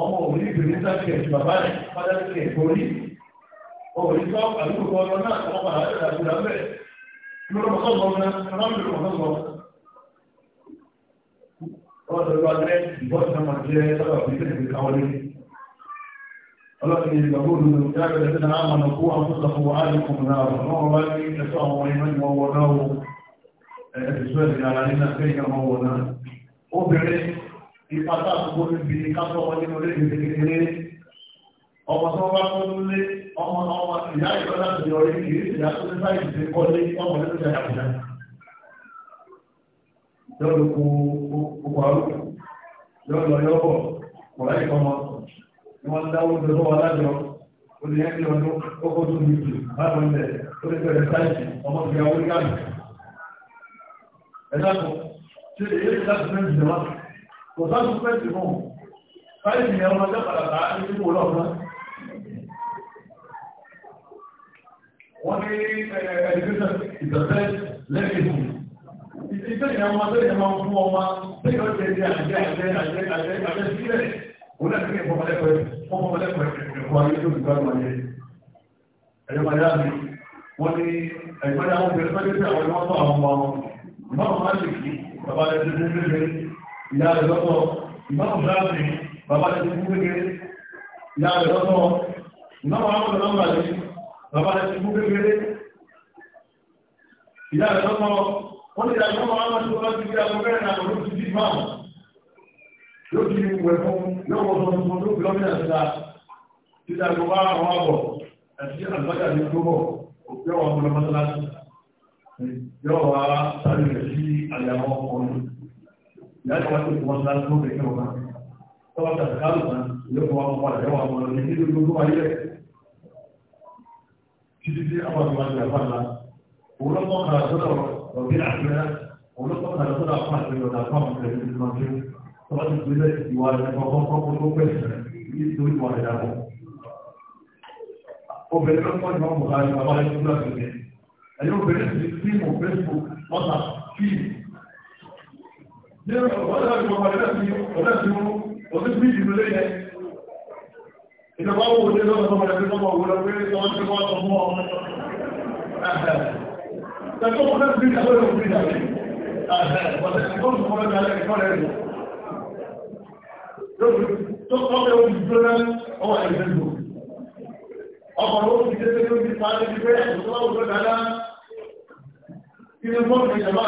ọmọ òní ìbìrì sáàkì ẹ̀sùn bàbá rẹ̀ fádà sí ẹ̀kọ́ rí òní tọ́ àdúgbò ọlọ náà ọmọ bàbá rẹ̀ àbúrà bẹ́ẹ̀ lọ́mọ̀sọ́gbọ̀n náà lọ́mọ̀sọ́gbọ̀n. wọ́n sọ lọ́wọ́ alẹ́ ìbọn náà máa jẹ́ sábà fi tẹ̀lé káwọlé. ọlọ́sìn ìgbà tó lù ú yàgbẹ́ lẹ́sẹ̀ náà máa nà kó àwọn sọ̀tàn wọ àdìkùn náà wọ́n wọ́n bá ní ẹ̀sọ́ àwọn ìmọ̀ ìmọ̀ wọ náà wọ ẹ̀sùn ẹ̀sìn ara nínú ẹgbẹ́ ìyàmọ̀ wọ náà. obìnrin ìpàtà àtúgbò níbi ká ọmọ tó bá tó lé ọmọ ọmọ ìyá ìjọ láti yọ orí kìí ṣe ìyá tó ní báyìí ṣe kọ́ lé ọmọ nínú ìyá ìyá. yọ̀ọ́ lóko oko àrùn yọ̀ọ́ lọ yọ̀ọ́ bọ̀ kọ̀ọ̀lá ìkọ́mọ ni wọ́n dáwọ́ oúnjẹ tó wà lájọ ó lè yẹn kí ọdún kókó tó ní jù láti ń bẹ̀ ó lè bẹ̀rẹ̀ sáyẹ̀sì ọmọ ìyá orí kàmì. ẹ dákun ṣe èyí láti fẹ́ jù wá kò sáà tún fẹ́ jù mọ́ sáyẹ̀sì yẹn ọmọdé padà bá a ní wọ́n ní ẹ̀ẹ́dẹ́gbẹ́sẹ̀ ìtọ́sẹ́ lẹ́gbẹ̀ẹ́sì. Ìṣẹ́ ìyàwó máa tẹ́lẹ̀ máa ń fún ọmọ tí yóò jẹ́ jẹ́ àjẹ́ àjẹ́ àjẹ́ àjẹ́ àjẹ́ sílẹ̀. Òun náà kíkẹ́ fọmọlẹ́kọ̀ẹ́ fọmọlẹ́kọ̀ẹ́ ẹ̀kọ́ ayé tó gbígbá lọ ayé. Ẹ̀yọ́ máa yá mi, wọ́n ní ẹ̀gbọ́n àwọn obìnrin fẹ́ tẹ́tẹ́ àwọn ọmọ àwọn ọmọ wọn. Ìmáàmù máa lè kí bàbá rẹ̀ ti fún kékeré, ìyá rẹ̀ lọ́tọ̀. Ìmáàmù máa lè bàbá rẹ̀ ti fún kékeré, ìyá rẹ̀ lọ́tọ̀. Ìmáàmù àwọn ọmọ bàbá rẹ̀ ti mú kékeré ìyá rẹ̀ lọ́mọ wọ́n ti dàgbọ́ wọn á máa tó lọ́ọ́ ti fi àwọn bẹ́ẹ̀ náà ló ti di máa ló ti di wẹ̀ fún lọ́wọ́ fún fún ló gbọ́ mílíọ̀nù síta síta tó bá àwọn àbọ̀ àti àlùbájà ní tó bọ̀ òkú ẹ̀wọ̀n ọmọ mọ́sálásí yóò wá sáré rẹ̀ sí àyàwó ọkùnrin ìyá rẹ̀ wá sí mọ́sálásí tó bẹ̀ kí wọ́n tọ́wọ́ tàbí káàlù títí àwọn àgbà àgbà bá la òun ló ọ̀gbìn àgbẹ̀ òun ló mọ kàrà sọ́dọ̀ àpá àgbẹ̀ ọ̀dà àpá àgbẹ̀ tọ́lá ti gbé lẹ́sì ìwà rẹ̀ kọ́kọ́ kọ́kọ́ tó pẹ̀ nítorí ìwà rẹ̀ dàbọ̀. obìnrin ló mọ ìwà mọ̀ká ní bàbá yẹn ìjọba wo wọlé lọ́wọ́ tó wọlé tó wọ́n wọlé wọlé tó wọ́n tó wọ́n tó mú ọmọ ẹ̀ẹ́dẹ́gbẹ́ wọn náà bí ìjọba yóò bí ìjọba ẹ̀ẹ́dẹ́gbẹ́ wọn tó wọlé lọ́wọ́ tó wọlé tó kọ́ bẹ́ẹ̀ wọ́n dúró náà ọwọ́ ẹ̀ẹ́dẹ́ lò ọkọ̀ ló ti dé tó ti pa ẹni pé ìjọba wọlé dáadáa kí ni bọ́ọ̀lù ìjọba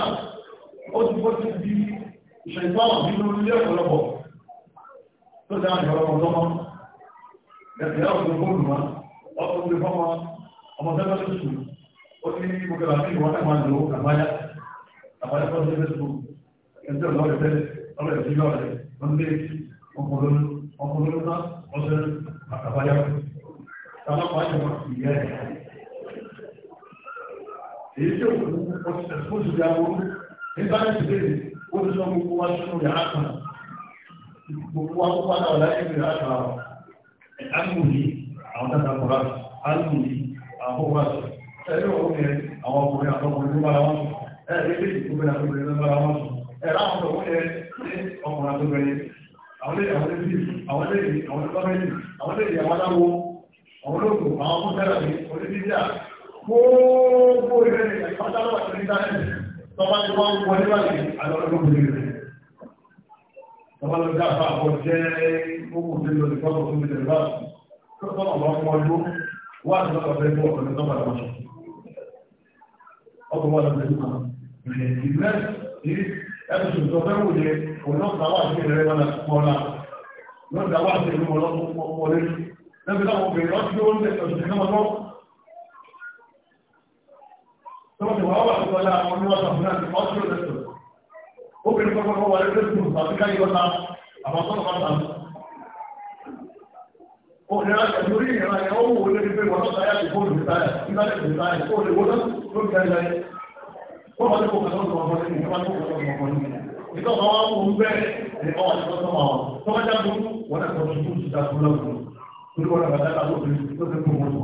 ó ti bọ́ ti di ìṣẹ̀gbọ́n nínú ilé ọ̀pọ̀lọpọ̀ tó dáa ìjọba ọ̀pọ̀lọpọ̀ ìyá òkú fóònù wa ọkùnrin ti fọmọ ọmọ tẹ́lẹ̀ tó sùn ó ní gbogbo àti ìwọ náà máa lò ó àbáyá àbáyá tó ṣe fẹ́sùn ẹ̀jẹ̀ lọ́rẹ̀ tẹ́lẹ̀ lọ́rẹ̀ sí lọ́rẹ̀ lọ́ndé ọkùnrin ọkùnrin náà ọ̀sẹ̀ àbáyá tàbá pàṣẹ wọn ìyá ẹ̀ èyí tó kù ọ̀sẹ̀ ìyàwó nígbà tí ìbéèrè ó ti sọ gbogbo wa sínú yàrá kan gbogbo alùmí àwọn tàbí àkùrá alùmí àkókò ẹ̀rí ọkùnrin àwọn ọkùnrin àtọkùnrin ló bára wọn sùn ẹ̀rí ilé ìgbóbìnrin àtọkùnrin ló bára wọn sùn ẹ̀rá àwọn ọkùnrin ní ọkùnrin àtọkùnrin àwọn ilé àwọn ilé àwọn ilé àwọn ilé gọ́mẹ̀ntì àwọn ilé àwọn aláwo àwọn olóògùn àwọn ọmọ tẹ́lẹ̀ ní onídíjà gbogbo ilé ìpàdánù àti ìdánilẹ̀ tọ́ba ti wọ́n wọlé báyìí àlọ́ ọlọ́gbọ̀n owó òṣèlú ìfọ́sọ̀ fún ilẹ̀ láti tọ́nà bá fún ọjọ́ wà ní ọ̀pọ̀ fẹ́ fún ọ̀pọ̀ nígbà tó ṣe ọkọ̀ wà lọ́pọ̀ nígbà ìgbẹ́ ní ẹ̀sùn tó fẹ́ wò yẹ ọlọ́pàá sí ìrẹ́ wọn láti pọ̀ náà lọ́dà wà sí ìlú ọlọ́pàá pọ̀ lẹ́nu lẹ́bi láwọn obìnrin lọ́sí ó ń tẹ̀sọ̀ sí náà lọ́ tọ́jú wà wà lọ́pọ̀ láwọn oníwàsàn fún àti ọ̀sùn ó tẹ̀sọ̀ obìnrin kọ́kọ́ wà lẹ́sẹ̀ tó àti káyọ̀ náà àbátọ́nà máa tàbí ìran ẹ̀mí orí ìran ẹ̀ ó wò ó lórí pé wọ́n tó sáyà ti fóònù ìtayà ìtayà ìtayà ìfóònù ìwọ́n tó ń tẹ̀lé ayé. Wọ́n máa ń kó kàtó ọmọ ọmọ nínú ìjọba tó kàtó ọmọ ọmọ nínú. Ìjọ máa wá wọ́n bẹ́ẹ̀ ní ọwọ́ àti ọ̀sán máa wọ̀. Tó bá jáde mú wọn àti ọ̀sán tó ti dàgbò lọ́wọ́. Torí wọn àgbàdá ta lóde tó ti kó wọn sọ.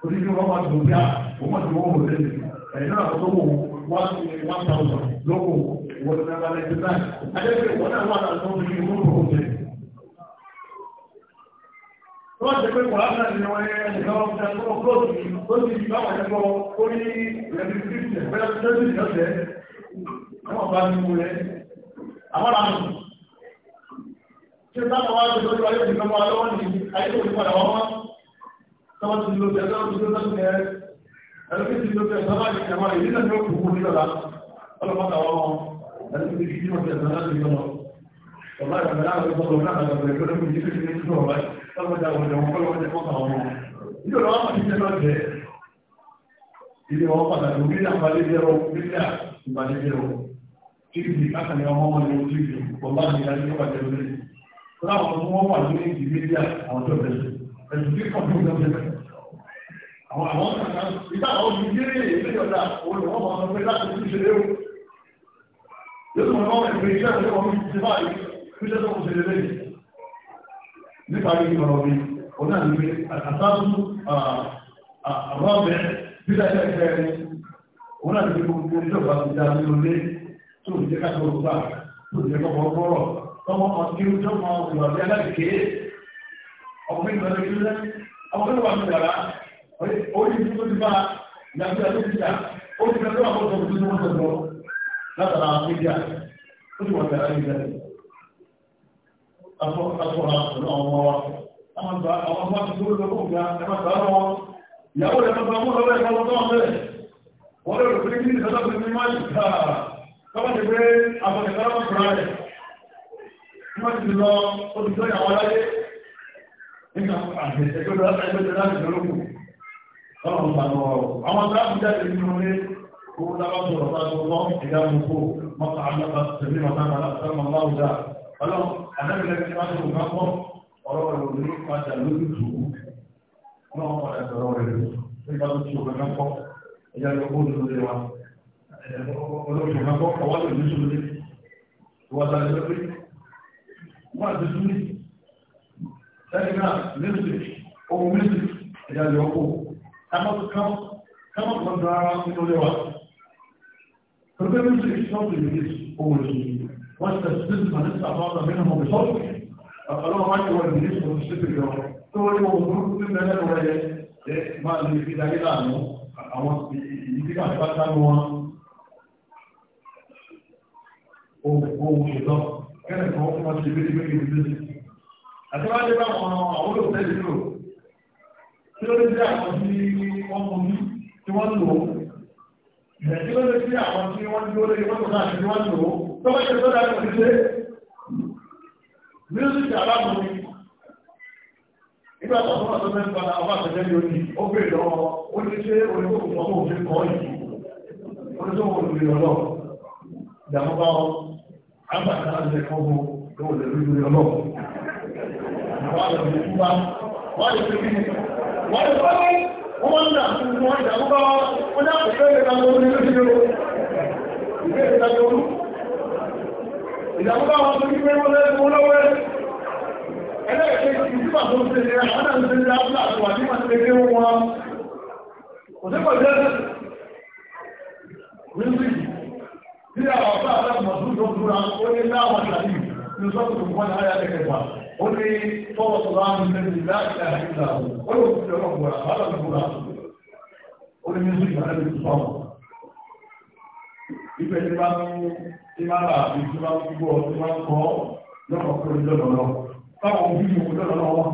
Torí kí wọ́n máa dùn bí a, wọ́n máa dùn wọ́n wò lẹ́yìn. Ẹ̀yin náà tó wò wá sí one thousand lóko wọ́n ti náà lẹ́yìn náà. Adé wọ́n jẹ́ pé wọ́n á ní wọ́n ẹ̀ẹ́dẹ̀gbọ́n ọ̀gbọ́n ti báwọn ẹ̀gbọ́n ó ní ẹ̀ẹ́dẹ̀gbọ́n tẹ́lẹ̀ ìjọ́sẹ̀ wọ́n bá ní mú rẹ̀ ti lo bẹ̀rẹ̀ lọ́wọ́ tó lọ́wọ́ ẹ̀rẹ́ ẹ̀rọ ti lo bẹ̀rẹ̀ sọ́wọ́ àti ìjàmà ìdí náà yóò kúkú ní lọ́la ọlọ́pàá ti fi jímọ̀ tẹ̀sán láti lọ́wọ́ ọ̀la saboda wajen kwalwata kwata hannu ido da wata cikin nan da ido wa fata da wuri da amfani zero wuri da amfani zero cikin da aka ne wani wani wani cikin babba ne ya ce wata wuri kuna wata kuma wata ne ki media a wata wuri da su fi kwamfin da wuri àwọn àwọn níparí ọ̀rọ̀ mi ọ̀nà ìwé àtàtù àrọ́bẹ̀ bílẹ̀ ẹgbẹ́ ẹni ọ̀nà ìwé gbogbo ìjọba ti dá ní olé tó ń jẹ́ káàkiri ọgbà tó ń jẹ́ kọ́kọ́ gbọ́rọ̀ tọmọ ọtí tó mọ ìwà bí aláìké ọmọ ìgbà lórí lẹ ọmọ tó wà ní yàrá orí tí ó ti bá ìyàgbé àti ìjà ó ti fẹ́ tó wà kó tó tó tó tó tó látara mídíà ó ti wà ní yàrá ìjà afọ́kàtọ́ra pẹ̀lú àwọn ọmọ wa àwọn ọmọ ti kúrò lọ́kọ̀ ga ẹ̀mà sàárà wọn ìyàwó rẹ̀ tọ́ta mú lọ́wọ́ ẹ̀kọ́ lọ́tọ́ ọ̀bẹ̀ wọ́n lè rò pé kí ní sọ́tọ́ pẹ̀lú mímọ́ ìta tọ́wọ́ ti pé afọ́kàtọ́ra wọn kúrò rẹ̀ wọ́n ti lọ ó ti tọ́ ìyàwó aláyé nígbà àgbẹ̀sẹ̀gbẹ̀ lọ́wọ́ ẹgbẹ̀sẹ̀ láti lọ́kù ọlọ́run àdábìlẹ̀ tí wọ́n tó bá pọ̀ ọ̀rọ̀ rẹ̀ ló ní padà lórí ìṣòwò ọlọ́run padà sọ̀rọ̀ rẹ̀ nígbà tó ti òkè náà pọ̀ ẹ̀yà ló kó lórí wa olóṣù náà pọ̀ ọwọ́ lòdì sórí ìwà tàbí lórí wọ́n àti súnmí lẹ́yìn náà mẹ́sì ohun mẹ́sì ẹ̀yà ló kó kámọ́tò kámọ́tò ń dara nítorí wa. Pẹ̀lú mẹ́sì ìṣọ́ọ̀tì ìrìnsì ohun ìṣòwò واستسلم من استطاع منهم بصدق فقالوا ما هو الجنس والسفر يوم تقول لهم مفروض ان انا ولا ما اللي في ذلك لانه àwọn ìdíkà pátá ní wọn ohun ṣùgbọ́n kẹ́rẹ̀ kan fún wọn ṣe méjì méjì méjì àti wáyé bá wọn àwọn olóòtẹ́ ìlú tí ó lè jẹ́ àwọn tí wọ́n mú ní tí wọ́n lò ó tí ó lè jẹ́ àwọn tí wọ́n lò ó lè wọ́n lò láti tí wọ́n lò ó tọ́wọ́ ṣe tó dájú sí ṣe mílíọ̀sì aláàbò ni nígbà tó fún ọ̀sán mẹ́fà náà ọba àtẹ̀jẹ́ ni ó ní ó gbé lọ́wọ́ ó ní ṣe oníkókò ọmọ òfin kọ́ yìí ó ní tó wọn lè lọ́lọ́ ìdààmú bá ọ àgbà náà lè kọ́ bó tó lè rí lórí ọlọ́ àwọn àlọ́ ní kúbá wọ́n lè fi kí ni wọ́n lè fọ́ wọ́n ń dà fún wọn ìdààmú bá wọn ó ní àpòkẹ́ ìgbà lórí lórí lórí ìgbà lórí ìjàmúlá wọn tó kí pé wọ́n lẹ́gbẹ́ wọ́n lọ́wọ́ ẹlẹ́ẹ̀kejì tí pàtó ṣe ṣe tí máa bà bí tí máa gbígbọ́ tí máa ń kọ́ lọ́kọ̀ pé ojú ọ̀nà lọ. Báwo bí mo kò lọ́nà lọ́wọ́?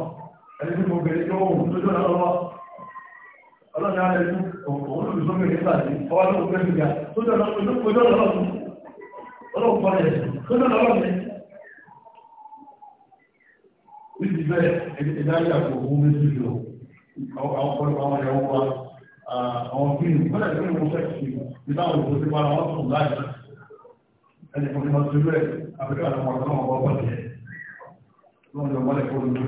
Ẹni tí mo bẹ̀rẹ̀ tó wù lójú ọ̀nà lọ́wọ́. Ọlọ́run á lẹ́nu òun lóbi sómi nígbà tí ọwọ́ ló gbé ìgbà tó dọ̀nà ojú ọ̀nà lọ́wọ́. Ọlọ́run kọ́ ẹ̀ tó dọ̀nà lọ́wọ́ mi. Bí ti bẹ́ẹ̀ ìdájí àpò òun méjì lò àwọn ọ̀pọ̀lọpọ̀ àwọn ẹ̀wọ̀n wa àwọn fíìmù kọ́lẹ̀ ẹni kò fún ọdún rẹ̀ àfikà àwọn ọ̀dọ́ ọmọ ọgbọ́ jẹ́ wọ́n lọ wọ́n lè kó lójú rẹ̀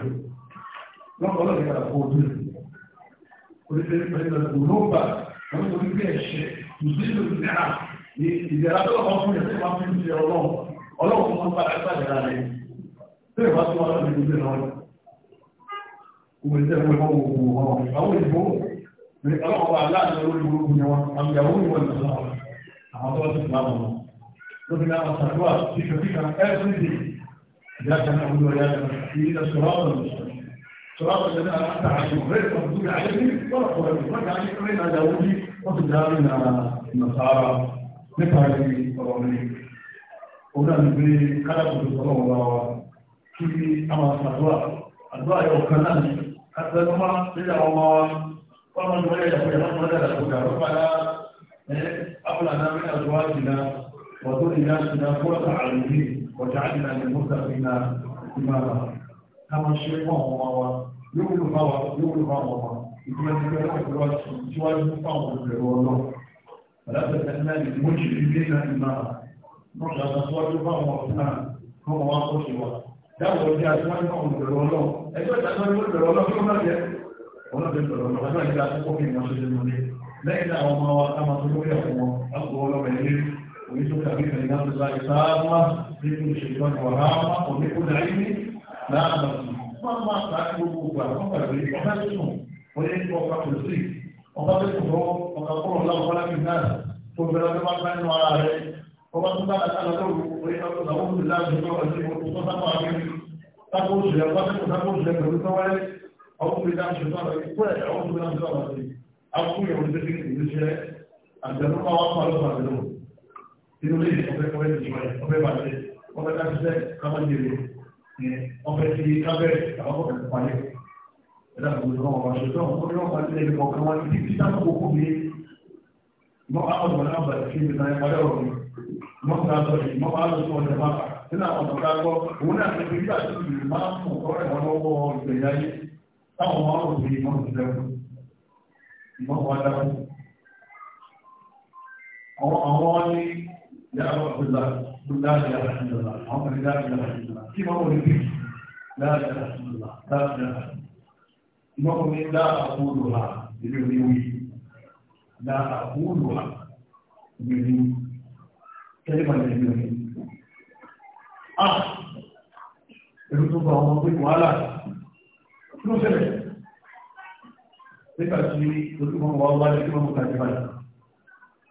wọ́n kọ́ lọ́dẹ̀ kàrà kó ojú rẹ̀ oríṣẹ́ nípa ìlú ọdún ló ń bà wọ́n ní orí bí ẹ̀ṣẹ̀ ìdílé ìdára ìdára tó lọ́wọ́ fún ẹ̀ṣẹ̀ máa fi ń ṣe ọlọ́run ọlọ́run لكن أنا صلوات في شفيك عن آخر دي إياك نعبد وإياك نستعين إلى صراط المستقيم صراط الذين أنعمت عليهم غير المغضوب عليهم ولا الضالين وارجع عليك بين داوود وتجارنا النصارى نفعل ورمي ولا نبي خلق بالصلاة والله في أمر الصلوات الضايع وكلام حتى نما إلى الله ومن ولي يقول ربنا لك ربنا أقلنا من أزواجنا وكل ناسنا قرة عينين وجعلنا للمتقين إماما كما الشيخ وهو يقول فهو يقول فهو يقول لك سواء المفاوض بالوضع فلا تتأمل المجرمين إماما نرجع تصور فهو هو واقف سواء dáwọ̀ ọjà tí wọ́n ní ọmọ ìbẹ̀rẹ̀ ọlọ́run ẹgbẹ́ ìtàkùn ìwé ìbẹ̀rẹ̀ ọlọ́run tó máa jẹ́ ọlọ́run ìbẹ̀rẹ̀ ọlọ́run ẹgbẹ́ ìgbà tó kọ́ kí ìyàn ṣe lónìí lẹ́yìn àwọn ọmọ wa táwọn tó lórí ẹ̀kọ́ wọn á kó ọlọ́run ẹ̀yẹ́ ومثل تأمين لنفس الله سامة مثل الشيطان وهامة ومثل علم لا مسموع máa ta gbogbo ìgbà wọn gbàgbé ọba sùn wọlé ní ọba kò sí ọba bẹ sọ̀rọ̀ ọba kọrọ ọlá ọba lábì náà tó bẹ̀rẹ̀ ọba bá nínú ara rẹ ọba tó bá àtàlà lóru wọlé ọba tó bá nílá ju ọba sí ọba tó sábà rẹ sábà ó ṣẹlẹ̀ ọba tó sábà ó ṣẹlẹ̀ pẹ̀lú tó wáyé ọba tó dáa ṣe sọ̀rọ̀ ikú ẹ ọba tó dáa ṣe sọ̀rọ̀ sí akúnyẹwò tó ti ṣe àjẹmọ́ wa pàlọ́ pàlọ́ inú lè ọ̀fẹ́ ọ̀fẹ́ lè jùlọ ọ̀fẹ́ bàjẹ́ ọ̀fẹ́ káfíṣẹ́ kábàjẹ́rẹ́ ọ̀fẹ́ ti kábẹ́ àwọn ọ̀fẹ́ pàlẹ́ ẹ̀dá kò ní ọmọ àṣẹ tó ọmọ ní ọmọ àti ẹ̀mí ọ̀kan wá ní ti sáà kó mi mọ àwọn ọmọ náà bàjẹ́ sí ìgbà ìpàdé ọ̀rọ̀ mi mọ kó náà sọ̀rọ̀ mọ kó náà sọ̀rọ̀ máa nínú àwọn ọ̀dọ̀ ká gbọ́ òun náà ti fi nígbà tí ìlú máa ń mú ọ̀rọ̀ ẹ̀wọ̀n lọ́wọ́ ìgbẹ̀yà táwọn ọmọ ọ̀rọ̀ òfin ìmọ̀ òṣìṣẹ́ fún ìmọ̀ wọn dákú àwọn ní يا رب الله لا اله الا الله عمري لا اله الا الله كيف هو يقول لا اله الا الله لا اله الا الله المؤمن لا اقولها باليمين لا اقولها باليمين كلمه باليمين اه الرسول الله عليه وعلى شنو سبب nígbà tí olùkọ́ wa wá lẹ́gbẹ̀ẹ́ mọ́ta ìjọba yìí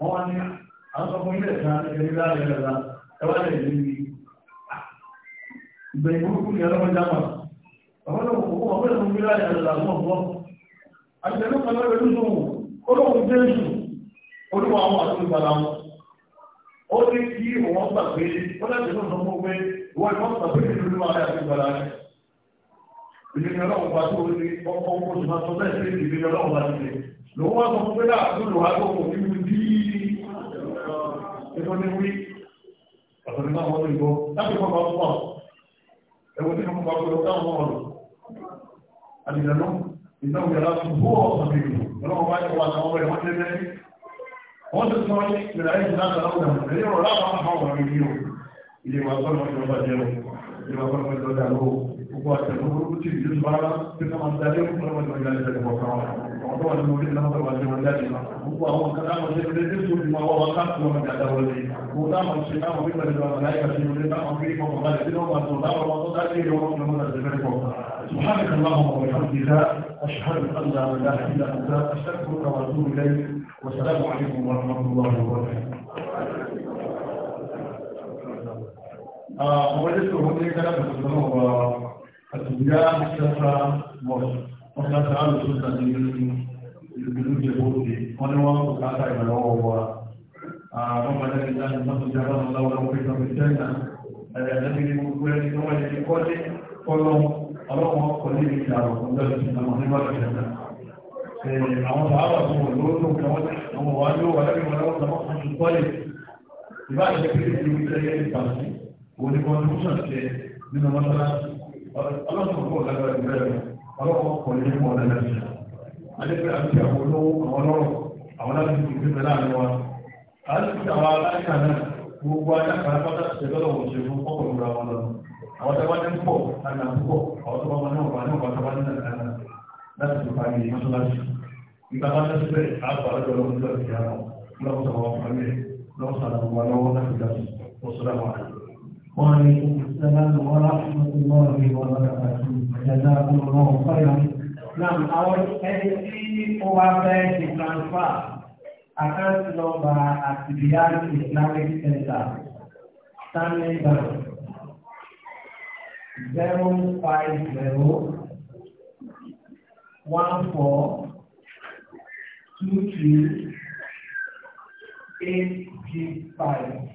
wọ́n wá ní àwọn sọ fún ilé ẹ̀ka ẹni bá rẹ̀ lọ́la ẹ wá lẹ̀ níbi ìgbẹ̀yìn burúkú ni ọlọ́mọdé àmà ọmọdé òkú ọmọdé òkú ilé ẹ̀ka lọ́la àwọn ọ̀pọ̀ àtẹ̀lẹ́ kan lọ́wọ́ ẹ̀lú sọ̀wọ́ olóhùn jésù olúwa àwọn àti ìbàlá wọn ó ní kí òun gbà pé ó láti lọ sọ fún pé ìwọ ìwọ gbà pé ìlú olúwa rẹ àti ìbàlá rẹ ìdílé ọlọ́run bá tó ní ọkọ̀ òkú tó máa sọ bẹ́ẹ̀ sí ìdílé ọlọ́run bá ti lè lòun wá sọ fún pé láàbùlù àgbọ̀kọ̀ nínú bí tó ní wí ọ̀tọ̀ ní máa wọ́n lè gbọ́ láti fọ́n máa pọ̀ ẹwọ́ tí wọ́n máa gbọ́ táwọn wọ́n lò àdìdànù ìdáwò yàrá tó bó ọ̀sán mi lò ọlọ́wọ́ bá yẹ wà táwọn bẹ̀rẹ̀ wọ́n tẹ́lẹ̀ wọ́n ti sọ ní ìrìnàjò láti àwọn ọ̀dà ẹ̀yẹ rọ̀ láwọn àwọn àwọn àwọn ìlú ilé wa gbọ́dọ̀ ọ̀sán ọba jẹ́ lọ ilé wa gbọ́dọ̀ ọ̀sán ọba jẹ́ lọ gbogbo àtẹ̀lẹ́ موضوع المولد الأمر والجمالات هو كلام الشيخ ليس بما هو وقت ومن يتولي ودام الله بما للملائكة في يولدنا أمريكا ومغالبين ومسودان ومسودان يوم من الزمن سبحانك اللهم وبحمدك أشهد أن لا إله إلا أنت أستغفرك وأتوب إليك والسلام عليكم ورحمة الله وبركاته مجلس آه، الهدى كلام تتنوى الدنيا شفا مصر wọ́n ká sáà lè tún tàbí ìlú ìjẹ̀bú òde wọ́n ní wọ́n kò káta ìrànlọ́wọ́ wa àwọn ọmọdé ní sáà ní wọ́n tó jábọ́ lọ́wọ́ lọ́wọ́ lọ́wọ́ pẹ̀lú ọmọdé jẹ́nà ẹ̀ẹ́dẹ́gbẹ́ ní gbogbo ẹni tó wọ́n ti kọ́ lé kọ́lọ́ ọlọ́wọ́ kọ́ lé ní ìyàwó ọjọ́ ìṣẹ̀lẹ̀ wọn nígbà tó ṣẹlẹ̀ àwọn sàárà tó wọ̀ lóòótọ́ kan àwọn wà ló wà lórí wọn lọ́wọ́ sọmọ́ fún kọ́lé ìbáṣe pé kí ni ìṣẹ̀lẹ̀ ìpàdé òní kan tó sàn ṣe nínú mọ́ṣáláṣí ọlọ́sọ̀kọ̀ lágbàdo bẹ́ẹ̀ ọlọ́pọ̀ ọkùnrin ní ọ̀nà lẹ́sìn adẹ́gbẹ́ àti àwọn olówó àwọn ọlọ́rọ̀ àwọn láti fi gbé mẹ́lá àríwá láti fi àwọn aláìsà náà gbogbo ajákàrá pátá ṣe lọ́dọ̀ wọ̀ ṣe fún ọkọ̀ ìrora wọn lọ àwọn tẹ́wá ní pọ̀ láti àpúpọ̀ àwọn tó bá wọn náà wà ní ọ̀pá tẹ́wá nínú ẹ̀ka náà láti fi parí mọ́ṣáláṣí ìgbà bá tẹ́sí bẹ́ẹ̀ àgbà lọ́jọ́ lọ́wọ́ lọ́wọ́ ìyá wọn lọ́wọ́ sọ̀rọ̀ wọn láti dàsí wọ́n sọ̀rọ̀ wọn. wọ́n ní ìsẹ́lẹ̀ Jazakum Allah khairan. Náà àwọn ẹni tí ó wá transfer account number àti Bilal Islamic Center Stanley Bank zero five zero one four two three eight six five.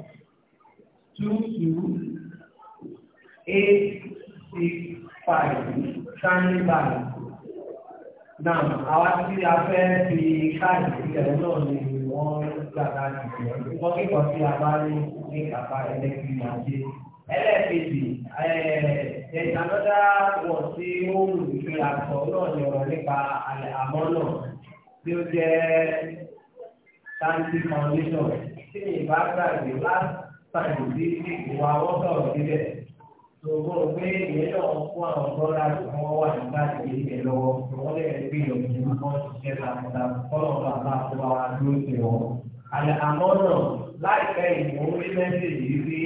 two two eight six five standing by now àwa tí a the country? káàdì sílẹ̀ náà ni wọ́n gbàgbá jùlọ wọ́n kíkọ́ sí a bá ní ní kàfá ẹlẹ́gbẹ̀ẹ́ àti ẹlẹ́ẹ̀kejì ẹ̀ẹ́d anọ́dá wọ̀ sí ohun ìfẹ́ àtọ̀ náà ni ọ̀rọ̀ nípa àmọ́ náà tí ó jẹ́ santi foundation tí mi bá gbàgbé láti fáìlì sí ìwà ọ̀sọ̀rọ̀ síbẹ̀ tó gbọ́dọ̀ pé ìyẹn náà fún àwọn bọ́lá tó wọ́n wà nígbà tí ìyẹn lọ́wọ́ wọ́n lè rí ìyọ̀nù wọn ṣiṣẹ́ làkúta kọ́lọ̀ bàbá tó wà wá dúró sí wọn. àlẹ́ àmọ́ náà láìpẹ́ ìwọ̀n orí mẹ́sẹ̀lì wípé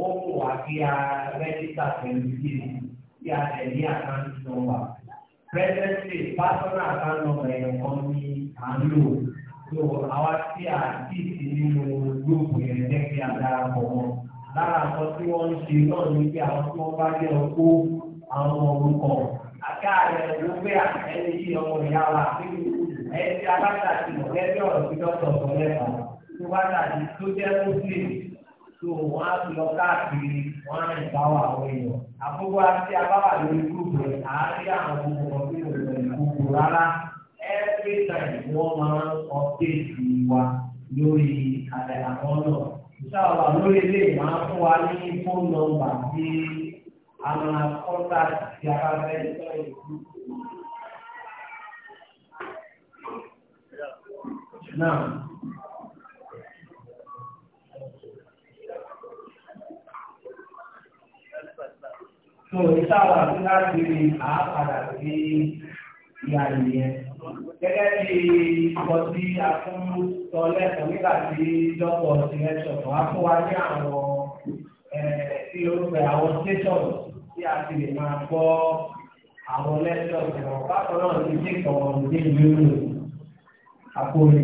ó kò wá kí a rẹ́jísà pẹ̀lú kí kí a tẹ̀lé àkáǹtì nọ́mbà. pẹ́sẹ́ntì pásọ́nà àkáǹtì nọ́mbà ẹ̀yọ̀ kan ní à ń lò tó àwa tí a ti ti nínú gbogbo yẹn jẹ́ kí a dára pọ̀ wọn. Lára àwọn tí wọ́n ń ṣe náà ní pé àwọn tí wọ́n bá jẹ́ ọkọ àwọn orúkọ. Àká rẹ̀ ló gbé ẹni yí ọmọ ìyá wa nínú ẹni tí a bá tà sí ọ̀gẹ́dẹ́ ọ̀rọ̀ sí dọ́tọ̀ ọ̀tọ̀ lẹ́kọ̀ọ́. Tó bá tà tó jẹ́ Muslim tó wọ́n á lọ káàkiri wọ́n á rìn báwọ̀ àwọn èèyàn. Àkókò àti abáwà lórí gúrùpù rẹ̀ àárí àwọn gbogbo ọ̀gbìn every time wọ́n máa ń update wa lórí àlẹ́ àwọn náà. Ìṣàlọ́ lórí ilé máa fún wa ní fóònù nọ́mbà tí a máa kọ́ńtà sí abáfẹ́ ìṣòro. Náà. So ìṣàlọ́ àti láti rí àápàdà sí ìyá ìyẹn gẹ́gẹ́ bí ìkọ̀ tí a fún sọ lẹ́sàn nígbà tí dọ́pọ̀ selection wá fún wa ní àwọn tí àwọn station tí a ti lè máa gbọ́ àwọn lẹ́sàn ìwọ̀n bákan náà ti dé kọ̀ ní ìlú àkóyè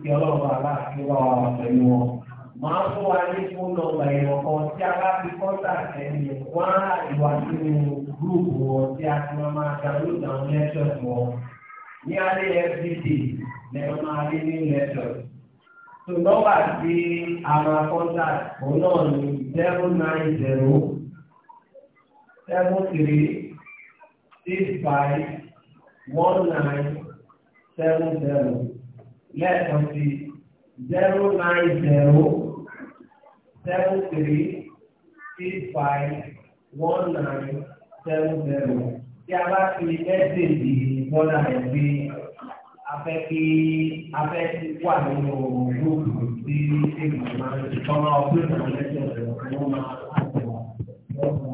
tí ọlọ́run aláàfin wà wà pẹ̀lú wọn. Màá fún wa ní fún nọ́mbà ìwọ̀n kan tí a bá fi kọ́ńtà ẹni wá ìwà sínú gúrùpù wọn tí a ti máa máa dàrú ní alẹ́ FDD, lẹ́nu máa rí ní network tó nọ́mbà sí ara contact òun náà ní seven nine zero seven three six five one nine seven zero lẹ́ẹ̀kan sí zero nine zero seven three six five one nine seven zero tí a bá fi mẹ́sẹ̀gì yìí bọ́lá rẹ̀ pé afẹ́ kí afẹ́ wà nínú gbòòrò tí èèyàn máa ń tọ́lá ọdún ìrànlẹ́sẹ̀ rẹ̀ wọ́n máa ń pàṣẹ wọn.